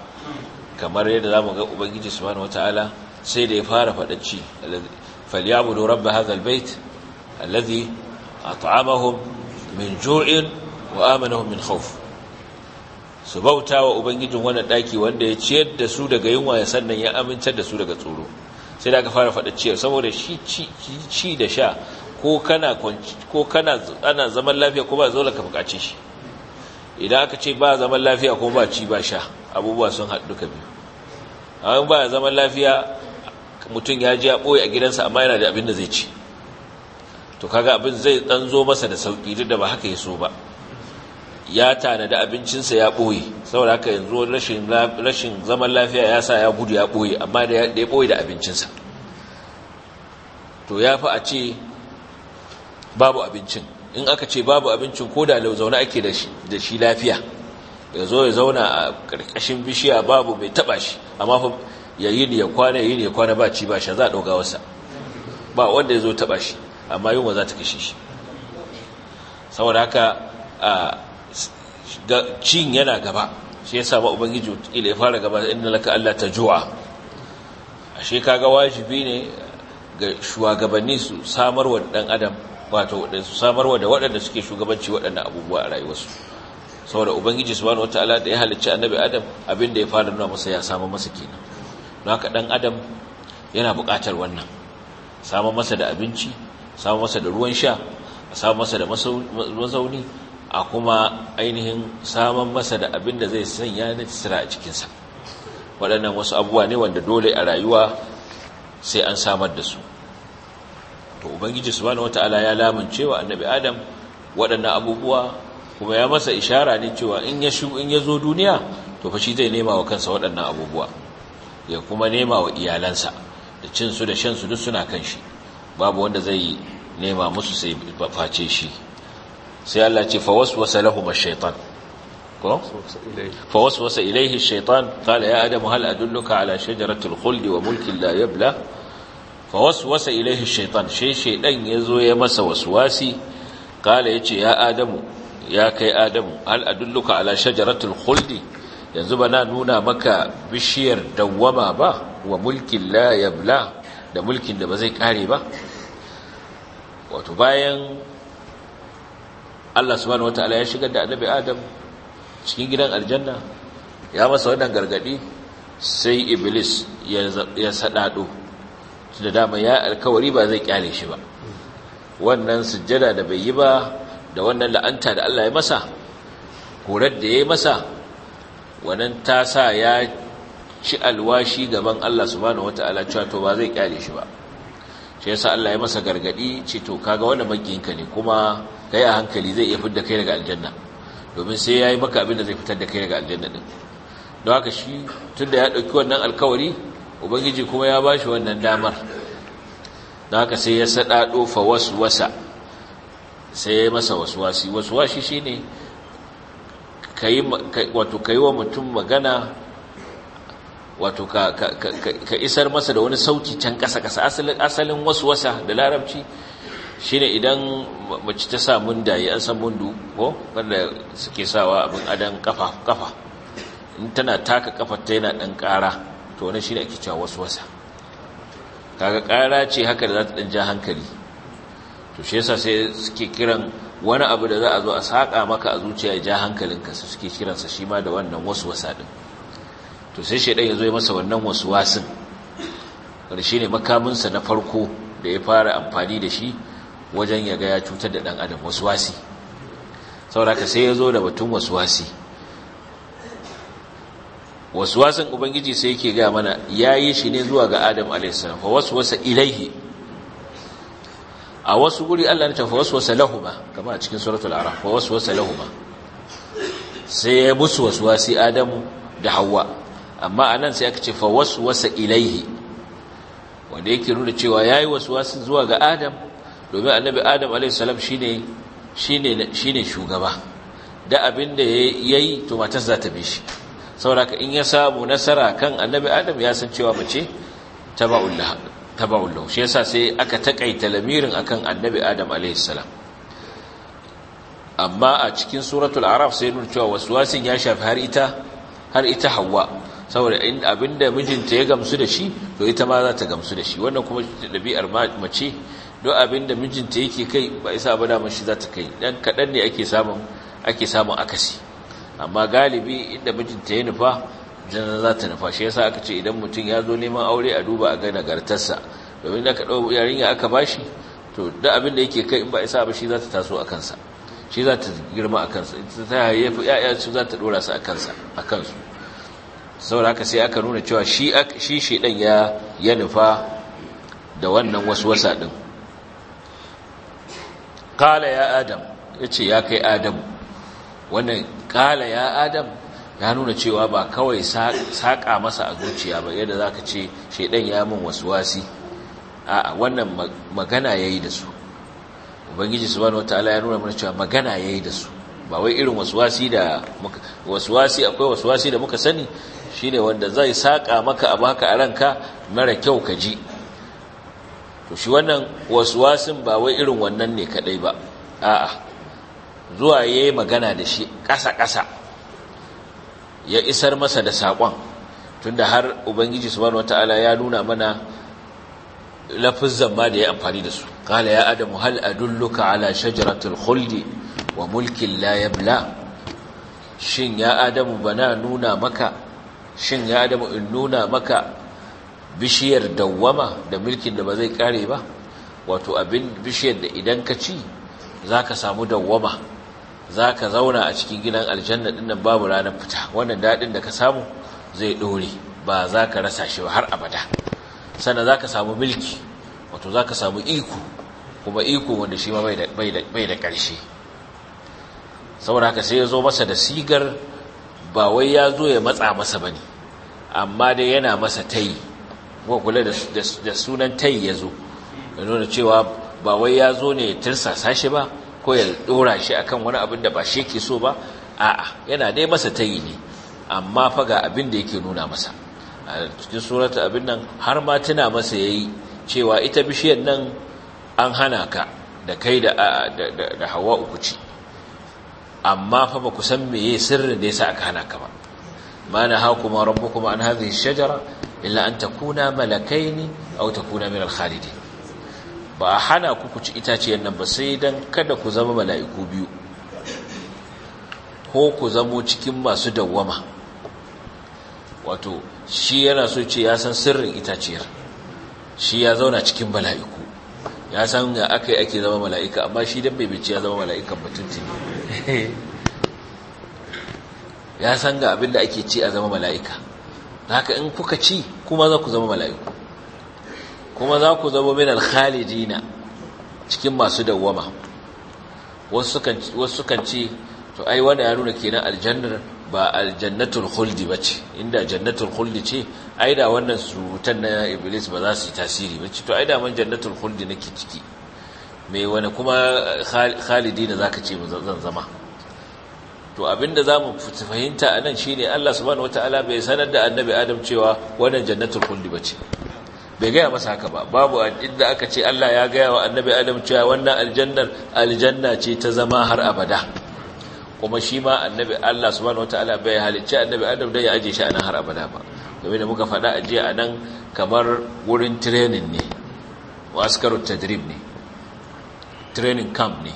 kamar yadda za mu ga ubangiji subhanahu wataala sai da ya fara faɗa ci falyabudu rabba hadha albayt alladhi at'amahum min ju'in wa amanahum min khawf su bauta wa ubangijin wannan daki wanda ya ciyar da su daga yunwa ya sannan ya amincar da su daga tsoro sai da ka fara faɗa ciyar saboda shi ci da sha ko kana ko kana ana zaman lafiya ko ba zaula ka bukace shi idan aka ce ba zaman lafiya ko ba ci ba sha abubuwa sun haɗu ka biyu amma ba zaman lafiya mutum ya ji a ɓoye a gidansa amma yana da abin da zai ci to kaga abin zai ɗan zo masa da sauƙi duk da ba haka ya so ba ya tanada abincinsa ya ɓoye saboda haka yanzu rashin zaman lafiya ya sa ya gudu ya ɓoye amma da ya ɓoye da abincinsa to ya fi a ce babu abincin in aka ce babu abincin ko da zaune ake da shi lafiya ya zo ya zauna a ƙarƙashin bishiya babu mai taɓa shi amma ya yi ne ya kwana ya yi ne ya kwana ba ci ba shi za a ɗauka wasa ba wanda ya zo taɓa shi amma yunwa za ta kashe shi saboda haka cin yana gaba shi ya samu ubangiji ila ya fara gaba inda laka Allah ta ju'a ashe kaga wajibi ne ga shugabanni su samarwa dan adam wato su samarwa da waɗanda suke shugabanci waɗanda abubuwa a rayuwarsu saboda ubangiji subhanahu wataala da ya halicci annabi adam abin da ya fara nuna masa ya samu masa kenan don haka dan adam yana buƙatar wannan samu masa da abinci samu masa da ruwan sha a samu masa da mazauni a kuma ainihin saman masa da abin da zai sanya na tsira a cikinsa waɗannan wasu abubuwa ne wanda dole a rayuwa sai an samar da su to ubangiji su wata wataala ya lamunce wa annabi adam waɗannan abubuwa kuma ya masa ishara ne cewa in ya shu in ya zo duniya to fa shi zai nema wa kansa waɗannan abubuwa ya kuma nema wa iyalansa da cinsu da shansu duk suna kan shi babu wanda zai nema musu sai face shi sai Allah ce fa waswasa lahum ash-shaytan ko fa waswasa ilayhi ash-shaytan qala ya adam hal adulluka ala shajarati al-khuld wa mulkin la yabla fa waswasa ilayhi ash-shaytan shi shaydan yazo ya masa waswasi qala yace ya adamu ya kai adamu hal adulluka ala shajarati al-khuld yanzu bana nuna maka bishiyar dawwama ba wa mulkin la yabla da mulkin da ba zai kare ba wato bayan Allah subhanahu wataala ya shigar da annabi Adam cikin gidan aljanna ya masa wannan gargadi sai iblis ya sadado da dama ya alkawari ba zai kyale shi ba wannan sujjada da bai yi ba da wannan la'anta da Allah ya masa horar da ya yi masa wannan ta sa ya ci alwashi gaban Allah subhanahu wataala cewa to ba zai kyale shi ba shi yasa Allah ya masa gargadi ce to kaga wannan ka ne kuma kai a hankali zai iya fitar da kai daga aljanna domin sai yayi maka abin da zai fitar da kai daga aljanna din don haka shi tunda ya dauki wannan alkawari ubangiji kuma ya bashi wannan damar don haka sai ya sadado wasu waswasa sai ya masa waswasi waswasi shine kai wato kai wa mutum magana wato ka, isar masa da wani sauti can ƙasa-ƙasa asalin wasu wasa da larabci Shi ne idan mace ta sa mundaye an san bundu ko wanda suke sawa abin adan kafa kafa in tana taka kafar ta yana ɗan ƙara to wani shi ne ake cewa wasu wasa kaga ƙara ce haka da za ta dan ja hankali to shi yasa sai suke kiran wani abu da za a zo a saƙa maka a zuciya ya ja hankalinka su suke kiransa shi ma da wannan wasu wasa din to sai shaidan ya zo ya masa wannan wasuwasin Karshe ne makaminsa na farko da ya fara amfani da shi wajen ya ga ya cutar da ɗan adam wasuwasi sauraka sai ya zo da batun wasuwasi wasuwasin ubangiji sai yake ga mana ya yi shi ne zuwa ga adam alaihissalam fa wasa ilaihi a wasu guri allah na tafi wasuwasa lahuma kama a cikin suratul araf fa wasuwasa lahuma sai ya musu wasi adamu da hawa amma a nan sai aka ce fa wasa ilaihi wanda yake nuna cewa ya yi wasu wasu zuwa ga Adam domin annabi Adam alaihi salam shine shugaba da abin da yayi to matar za ta bi shi sauraka in ya samu nasara kan annabi Adam ya san cewa mace taba'ul shi yasa sai aka takaita lamirin akan annabi Adam alaihi amma a cikin suratul araf sai nuna cewa wasu waswasin ya shafi har ita hawa saboda abinda mijinta ya gamsu da shi to ita ma za ta gamsu da shi wannan kuma ɗabi'ar mace don abinda mijinta yake kai ba isa ba damar shi za ta kai dan kaɗan ne ake samun akasi amma galibi inda mijinta ya nufa jana za ta nufa shi yasa aka ce idan mutum ya zo neman aure a duba a ga nagartarsa domin da ka ɗau yarinya aka bashi to da abin da yake kai ba isa ba shi za ta taso a kansa shi za ta girma a kansa ta haifi ya'ya su za ta ɗora su a kansa a kansu saboda haka sai aka nuna cewa shi shi shedan ya ya nufa da wannan wasa din kala ya adam yace ya kai adam wannan kala ya adam ya nuna cewa ba kawai saƙa masa a zuciya ba yadda za ka ce shaidan ya min wasi. a wannan magana ya yi da su ubangiji su bani wata'ala ya nuna mana cewa magana ya yi da su ba wai irin wasi da muka wasi akwai wasi da muka sani Shi ne wanda zai saƙa maka abu haka a ranka mara kyau ka ji to shi wannan wasin ba wai irin wannan ne kaɗai ba a'a zuwa ya yi magana da shi ƙasa ƙasa ya isar masa da sakon tunda har ubangiji su wata wataala ya nuna mana lafin zamba da ya amfani da su ƙala ya adamu hal adulluka ala shajaratul Huldi wa mulkin la yabla shin ya adamu bana nuna maka shin ya adamu in nuna maka bishiyar dawwama da mulkin da ba zai kare ba wato abin bishiyar da idan ka ci za ka samu dawwama za ka zauna a cikin gidan aljanna ɗin nan babu ranar fita wannan daɗin da ka samu zai ɗore ba za ka rasa shi ba har abada sannan za ka samu milki wato za ka samu iko kuma iko wanda shi ma bai da ƙarshe saboda haka sai ya zo masa da sigar ba wai ya zo ya matsa masa ba ne amma dai yana masa tayi ko kula da sunan tayi ya zo ya nuna cewa ba wai ya zo ne ya tirsasa shi ba ko ya dora shi akan wani abin da ba shi ke so ba a'a yana dai masa tayi ne amma fa ga abin da yake nuna masa a cikin surata abin nan har ma tuna masa yayi cewa ita bishiyar nan an hana ka da kai da da hawa uku ci amma fa ba ku san meye sirrin da yasa aka hana ka ba ma ha kuma rabbukum an hadhihi shajara illa an takuna malakain aw takuna min al-khalidin ba hana ku ku ci itace nan ba sai dan kada ku zama mala'iku biyu ko ku zamo cikin masu dawwama wato shi yana so ce ya san sirrin itaciyar shi ya zauna cikin mala'iku ya san ga yi ake zama mala'ika amma shi dan bai ci ya zama mala'ikan mutunci ne [LAUGHS] ya san ga abin da ake ci a zama mala'ika haka in kuka ci kuma za ku zama mala'iku kuma za ku zama min alkhalidina cikin masu dawwama wasu kan ci to ai wanda ya nuna kenan aljannar ba aljannatul khuldi ba ce inda jannatul khuldi ce ai da wannan surutan na iblis ba za su yi tasiri ba ce to ai da man jannatul khuldi nake ciki mai wani kuma eh, khalidi da zaka ce zan zama to abinda zamu fahimta anan shine Allah subhanahu ta'ala) bai sanar da annabi Adam cewa wannan jannatul khuldi bace bai gaya masa haka ba babu inda aka ce Allah ya gaya wa annabi Adam cewa wannan aljannar aljanna ce ta zama har abada kuma shi ma annabi Allah subhanahu ta'ala) bai halicci annabi Adam dan ya aje shi nan har abada ba game da muka faɗa a anan kamar wurin training ne waskarut tadrib ne training camp ne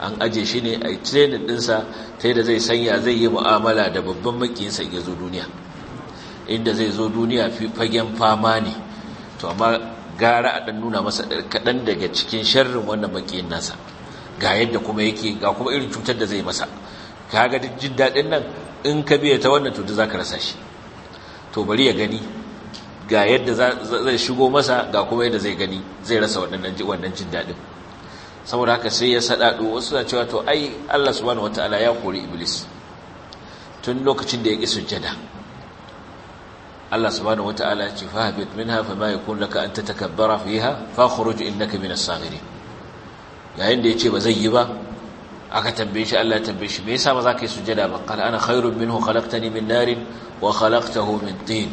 an aje shi ne a yi training ɗinsa ta yadda zai sanya zai yi mu'amala da babban makiyinsa ya zo duniya inda zai zo duniya fi fagen fama ne to amma gara a ɗan nuna masa kaɗan daga cikin sharrin wannan makiyin nasa ga yadda kuma yake ga kuma irin cutar da zai masa ka ga jin daɗin nan in ka biya ta wannan cutar za ka rasa shi to bari ya gani ga yadda zai shigo masa ga kuma yadda zai gani zai rasa wannan jin daɗin saboda haka sai ya sadadu wasu na cewa to ai Allah subhanahu wataala ya kori iblis tun lokacin da ya ki sujjada Allah subhanahu wataala ya ce fahbit minha fama yakun laka an tatakabbara fiha fakhruj innaka minas saghirin yayin da yace ba zai yi ba aka tambaye shi Allah ya tambaye shi me yasa ba za ka yi sujjada ba qala ana khairun minhu khalaqtani min narin wa khalaqtahu min tin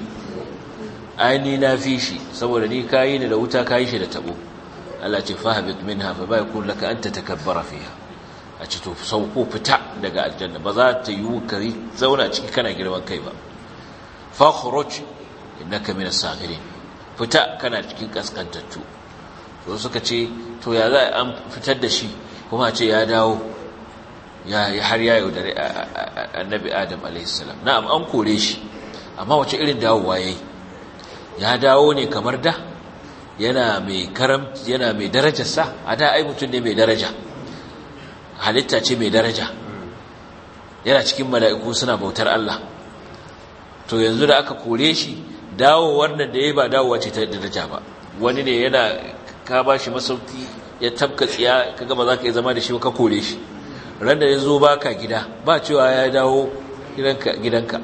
ai ni na fi shi saboda ni kayi ni da wuta kayi shi da tabo Allah ce fahabit minha fa bai kun laka anta takabbara fiha a ce to sauko fita daga aljanna ba za ta yi kari zauna ciki kana girman kai ba fakhruj innaka minas saghirin fita kana cikin kaskantattu to suka ce to ya za an fitar da shi kuma a ce ya dawo ya har ya yaudare annabi adam a.s. na'am an kore shi amma wace irin dawowa yayi ya dawo ne kamar da yana mai karam yana mai darajarsa a da ai mutum ne mai daraja halitta ce mai daraja yana cikin mala'iku suna bautar Allah to yanzu da aka kore shi dawowar nan da ya ba dawowa ce ta daraja ba wani ne yana ka ba shi masauki ya tabka tsiya ka gama za ka yi zama da shi ka kore shi ran da ya zo ba ka gida ba cewa ya dawo gidanka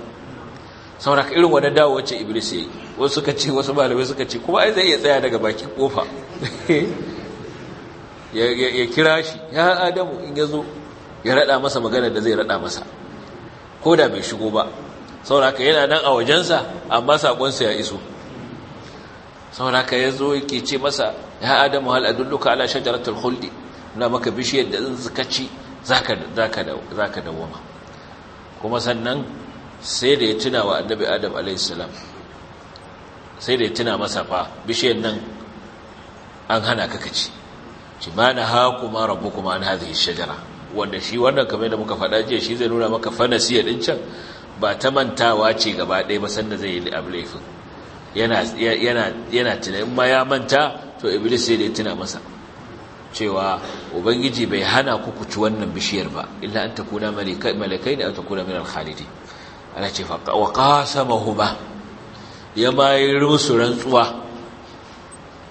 saboda irin wani dawo wacce iblis ya yi wasu suka ce wasu malamai suka ce kuma ai zai iya tsaya daga bakin kofa [LAUGHS] ya kira shi ya adamu in ya zo ya rada masa magana da zai rada masa ko da bai shigo ba sauraka yana nan a wajensa amma sakonsa ya iso sauraka ya zo yake ce masa ya adamu hal adulluka ala shajaratul khuldi na maka bishiyar da zan zaka da zaka dawoma kuma sannan sai da ya tuna wa annabi adam alaihissalam sai da ya tuna masa fa bishiyar nan an hana kakaci ci ma na ha kuma rabu kuma an hazi shajara wanda shi wannan kamar da muka faɗa jiya shi zai nuna maka siya din can ba ta mantawa ce gaba ɗaya ba sanda zai yi abu laifin yana tunanin ma ya manta to iblis sai da ya tuna masa cewa ubangiji bai hana ku wannan bishiyar ba illa an takuna malakai ne an takuna min al-khalidi ana ce wa qasamahuma ya bayar rusu rantsuwa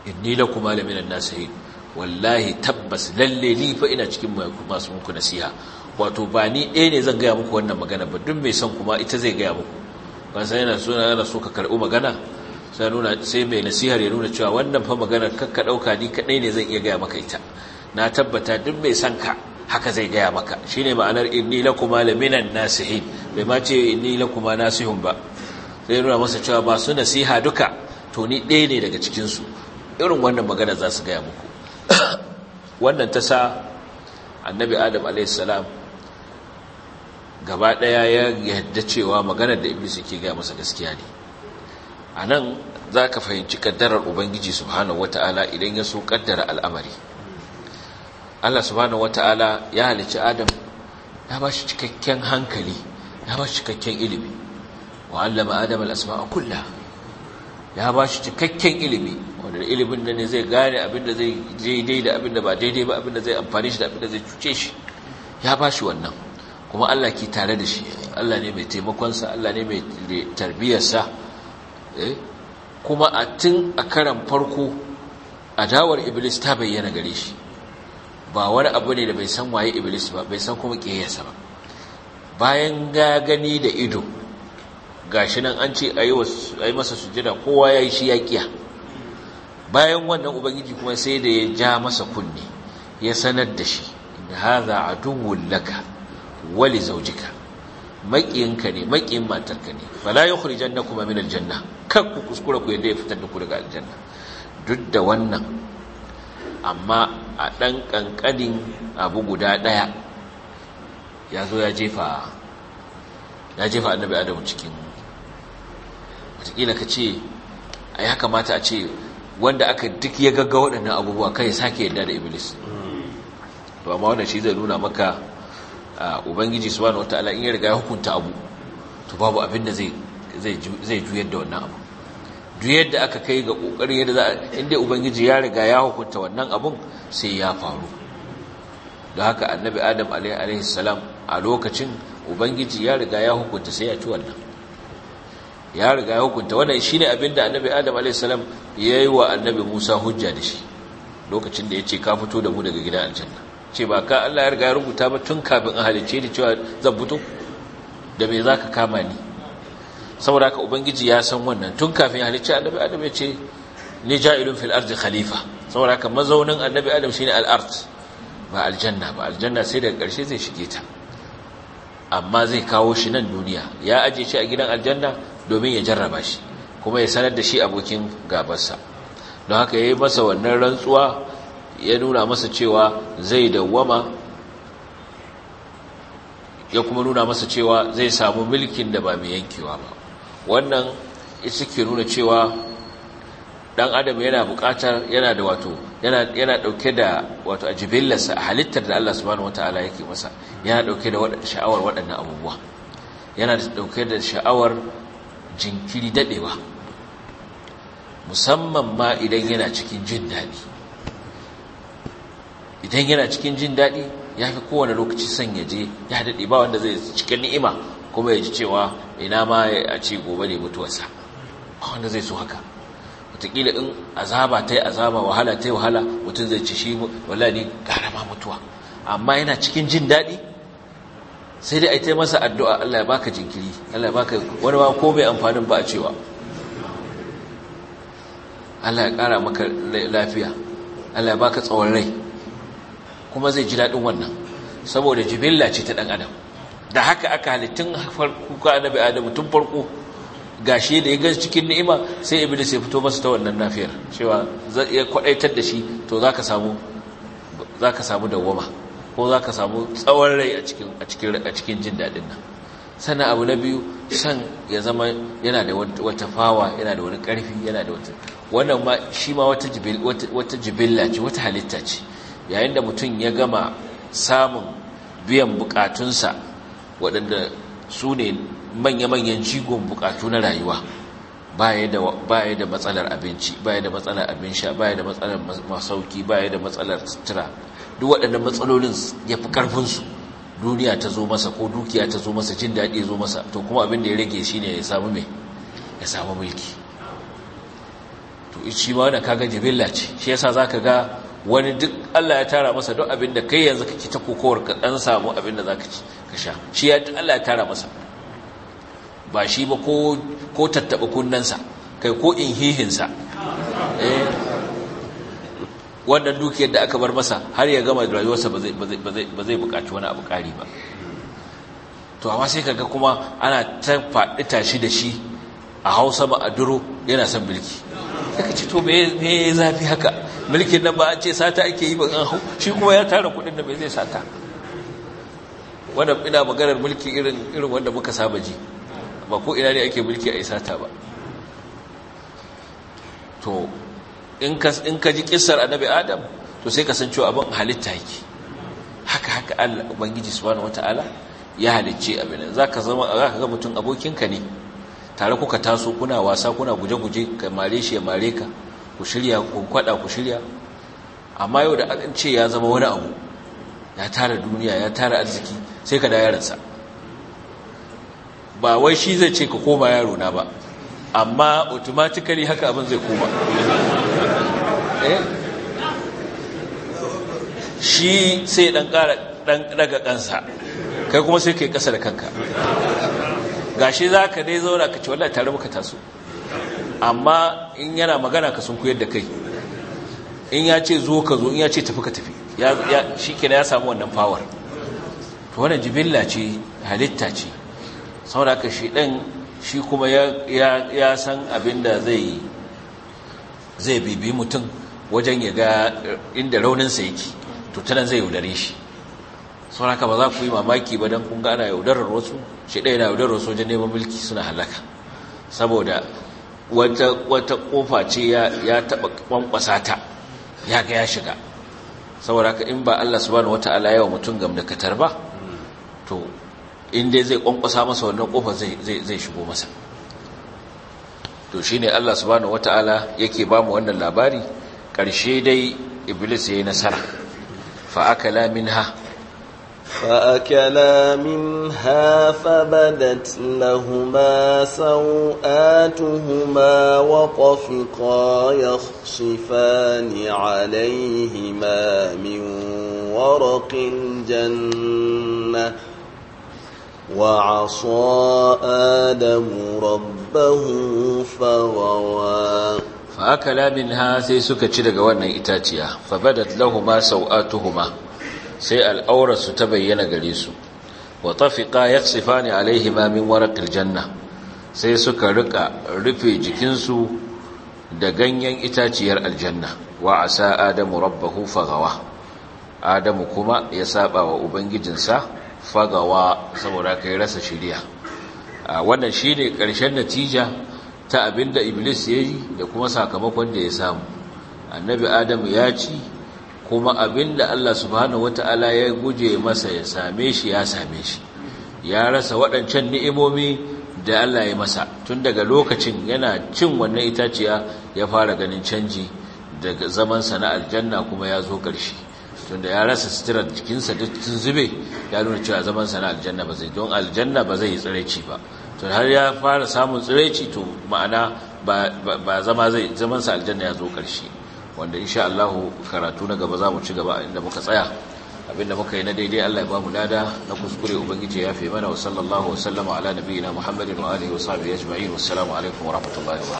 inni lakum alamin nasihin wallahi tabbas lalle ni fa ina cikin masu muku nasiha wato ba ni ɗaya ne zan gaya muku wannan magana ba duk mai son kuma ita zai gaya muku ban yana suna yana so ka karɓi magana sai mai nasihar ya nuna cewa wannan fa magana kakka ɗauka ni kaɗai ne zan iya gaya maka ita na tabbata duk mai son ka haka zai gaya maka shi ne ma'anar inni lakuma laminan nasihin bai ma ce inni lakuma nasihun ba sai nuna masa cewa ba su nasiha duka to ni ɗaya ne daga cikinsu irin wannan magana za su gaya muku wannan ta sa annabi adam alaihissalam gaba ɗaya ya yadda cewa maganar da iblis ke gaya masa gaskiya ne a nan za ka fahimci kaddarar ubangiji subhanahu wata'ala idan ya so ƙaddara al'amari Allah subhanahu wataala ya halicci Adam ya ba shi cikakken hankali ya ba shi cikakken ilimi wa allama Adam al-asma'a kullaha ya ba shi cikakken ilimi wanda ilimin da ne zai gane abinda zai daidai da abinda ba daidai ba abinda zai amfani shi da abinda zai cuce shi ya ba shi wannan kuma Allah ke tare da shi Allah ne mai taimakonsa Allah ne mai tarbiyarsa eh? kuma a tun a karan farko adawar iblis ta bayyana gare shi ba wani abu ne da bai san waye iblis ba bai san kuma kiyayensa ba bayan ga da ido gashi nan an ce ayi masa sujada kowa yayi shi ya yakiya bayan wannan ubangiji kuma sai da ya ja masa kunne ya sanar da shi inna hadha aduwwun laka wa li zawjika maƙiyinka ne maƙiyin matarka ne fala kuma min aljanna kar ku kuskura ku yadda ya fitar da ku daga aljanna duk da wannan amma a ɗan ƙanƙanin abu guda ɗaya ya zo ya jefa ya jefa annabi adamu cikin wataƙila ka ce a ya kamata a ce wanda aka duk ya gagga waɗannan abubuwa kai sake yadda da iblis to amma wannan shi zai nuna maka ubangiji subhanahu wataala in ya riga ya hukunta abu to babu abin da zai juyar da wannan abu duk yadda aka kai ga kokarin yadda za inda ubangiji ya riga ya hukunta wannan abun sai ya faru don haka annabi adam alaihi salam a lokacin ubangiji ya riga ya hukunta sai ya ci wannan ya riga ya hukunta wannan shi ne abinda annabi adam alaihi salam ya yi wa annabi musa hujja da shi lokacin da ya ce ka fito da mu daga gidan aljanna ce ba ka allah ya riga ya rubuta ba tun kafin a halicce da cewa zan fito da me za ka kama ni saboda haka ubangiji ya san wannan tun kafin halicci annabi adam ya ce ni ja'ilun fil ardi khalifa saboda haka mazaunin annabi adam shine al ard ba aljanna ba aljanna sai daga ƙarshe zai shige ta amma zai kawo shi nan duniya ya aje shi a gidan aljanna domin ya jarraba shi kuma ya sanar da shi abokin gabarsa don haka ya yi masa wannan rantsuwa ya nuna masa cewa zai dawwama ya kuma nuna masa cewa zai samu mulkin da ba mai yankewa ba wannan suke nuna cewa ɗan adam yana buƙatar yana da wato yana dauke da wato ajibillarsa halittar da Allah subhanahu wataala yake masa yana dauke da sha'awar waɗannan abubuwa yana dauke da sha'awar jinkiri daɗewa. musamman ma idan yana cikin jin daɗi, idan yana cikin jin ya yafi kowane lokaci son ya je ya daɗe ba wanda zai cikin ni'ima kuma ya ji cewa ina ma a ce gobe ne mutuwarsa wanda zai so haka watakila in azaba ta yi azaba wahala ta yi wahala mutum zai ci shi wala ne gara ma mutuwa amma yana cikin jin daɗi sai dai a yi masa addu'a Allah ya baka jinkiri Allah ya baka wani ba ko mai amfanin ba a cewa Allah ya ƙara maka lafiya Allah ya baka tsawon rai kuma zai ji daɗin wannan saboda jibilla ce ta ɗan adam da haka aka halittun farko ka annabi adamu tun farko gashi da ya gan cikin ni'ima sai iblis ya fito masa ta wannan nafiyar cewa ya kwadaitar da shi to zaka samu zaka samu dawwama ko zaka samu tsawon rai a cikin a cikin a jin dadin nan sannan abu na biyu san ya zama yana da wata fawa yana da wani karfi yana da wata wannan ma shi ma wata jibil wata jibilla ce wata halitta ce yayin da mutum ya gama samun biyan bukatunsa waɗanda su ne manya-manyan jigon bukatu na rayuwa baya da matsalar abinci baya da matsalar abin sha baya da matsalar masauki baya da matsalar sutura duk waɗannan matsalolin ya fi ƙarfinsu duniya ta zo masa ko dukiya ta zo masa jin daɗi ya zo masa to kuma abin da ya rage shi ne ya samu mai ya samu mulki to shi ma wadda kaga jibilla ce shi yasa za ka ga wani duk Allah ya tara masa duk abin da kai yanzu kake ta kokowar ka dan samu abin da zaka ci ka sha shi ya duk Allah ya tara masa ba shi ba ko ko tattaba kunnansa kai ko inhihinsa eh wannan dukiyar da aka bar masa har ya gama rayuwarsa ba zai ba zai ba zai buƙaci wani abu ƙari ba to amma sai kaga kuma ana ta faɗi tashi da shi a Hausa ba a duro yana son bilki ce to me me zafi haka mulkin nan ba a ce sata ake yi ba an hau shi kuma ya tara kudin da bai zai sata wannan ina maganar mulki irin irin wanda muka saba ji ba ko ina ne ake mulki a sata ba to in ka in ka ji kissar annabi adam to sai ka san cewa abin halitta yake haka haka Allah ubangiji subhanahu wataala ya halicce abin zaka zama zaka ga mutum abokinka ne tare kuka taso kuna wasa kuna guje-guje ka mare shi ya mare ka ku shirya ku kwada ku shirya amma yau da an ce ya zama wani abu ya tara duniya ya tara arziki sai ka da yaransa ba wai shi zai ce ka koma yaro na ba amma automatically haka abin zai koma [LAUGHS] eh shi sai dan kara dan daga kansa kai kuma sai kai kasa da kanka gashi zaka dai zauna ka ce wallahi tare muka taso amma in yana magana ka sun koyar da kai in ya ce zo ka zo in ya ce tafi ka tafi shi kenan ya samu wannan fawar to wannan jibilla ce halitta ce saboda ka shi ɗan shi kuma ya san abin da zai zai bibi mutum wajen ya ga inda rauninsa yake to tanan zai yaudare shi saboda ka ba za ku yi mamaki ba don kun gana yaudarar wasu shi ɗaya na yaudarar wasu wajen neman mulki suna halaka saboda wata kofa ce ya taba kwankwasa ta ya ga ya shiga saboda ka in ba Allah subhanahu wata'ala yawa mutum gamdakatar ba to in dai zai kwankwasa masa wannan kofa zai shigo masa to shine Allah subhanahu wata'ala yake ba mu wannan labari Karshe dai iblis ya yi nasara akala minha فأكلا منها فبدت لهما سوآتهما وطفقا يخصفان عليهما من ورق الجنة وعصى آدم ربه فغوى فأكلا منها سيسكت شرق ونئتاتيا فبدت لهما سوآتهما sai su ta bayyana gare su wa tafiqa yaksifani alaihima min waraqil janna sai suka rika rufe jikinsu da ganyen itaciyar aljanna wa asa adamu rabbahu fagawa adamu kuma ya saba wa ubangijinsa fagawa saboda kai rasa shiriya wannan shine karshen natija ta abinda iblis yayi da kuma sakamakon da ya samu annabi adamu ya ci kuma abin da Allah subhanahu wata'ala ya guje masa ya same shi ya same shi ya rasa waɗancan ni'imomi da Allah ya masa tun daga lokacin yana cin wannan itaciya ya fara ganin canji daga zaman sa na aljanna kuma ya zo ƙarshe tunda ya rasa sitirar jikinsa duk tun zube ya nuna cewa zaman sa na aljanna ba zai don aljanna ba zai yi tsiraici ba to har ya fara samun tsiraici to ma'ana ba zama zai zaman sa aljanna ya zo ƙarshe wanda insha Allah karatu na gaba za mu ci gaba inda muka tsaya abinda muka yi na daidai Allah ya ba lada na kuskure ubangiji ya fi mana wa sallallahu wa sallama ala nabiyina Muhammadin wa alihi wa sahbihi ajma'in wassalamu alaikum wa rahmatullahi wa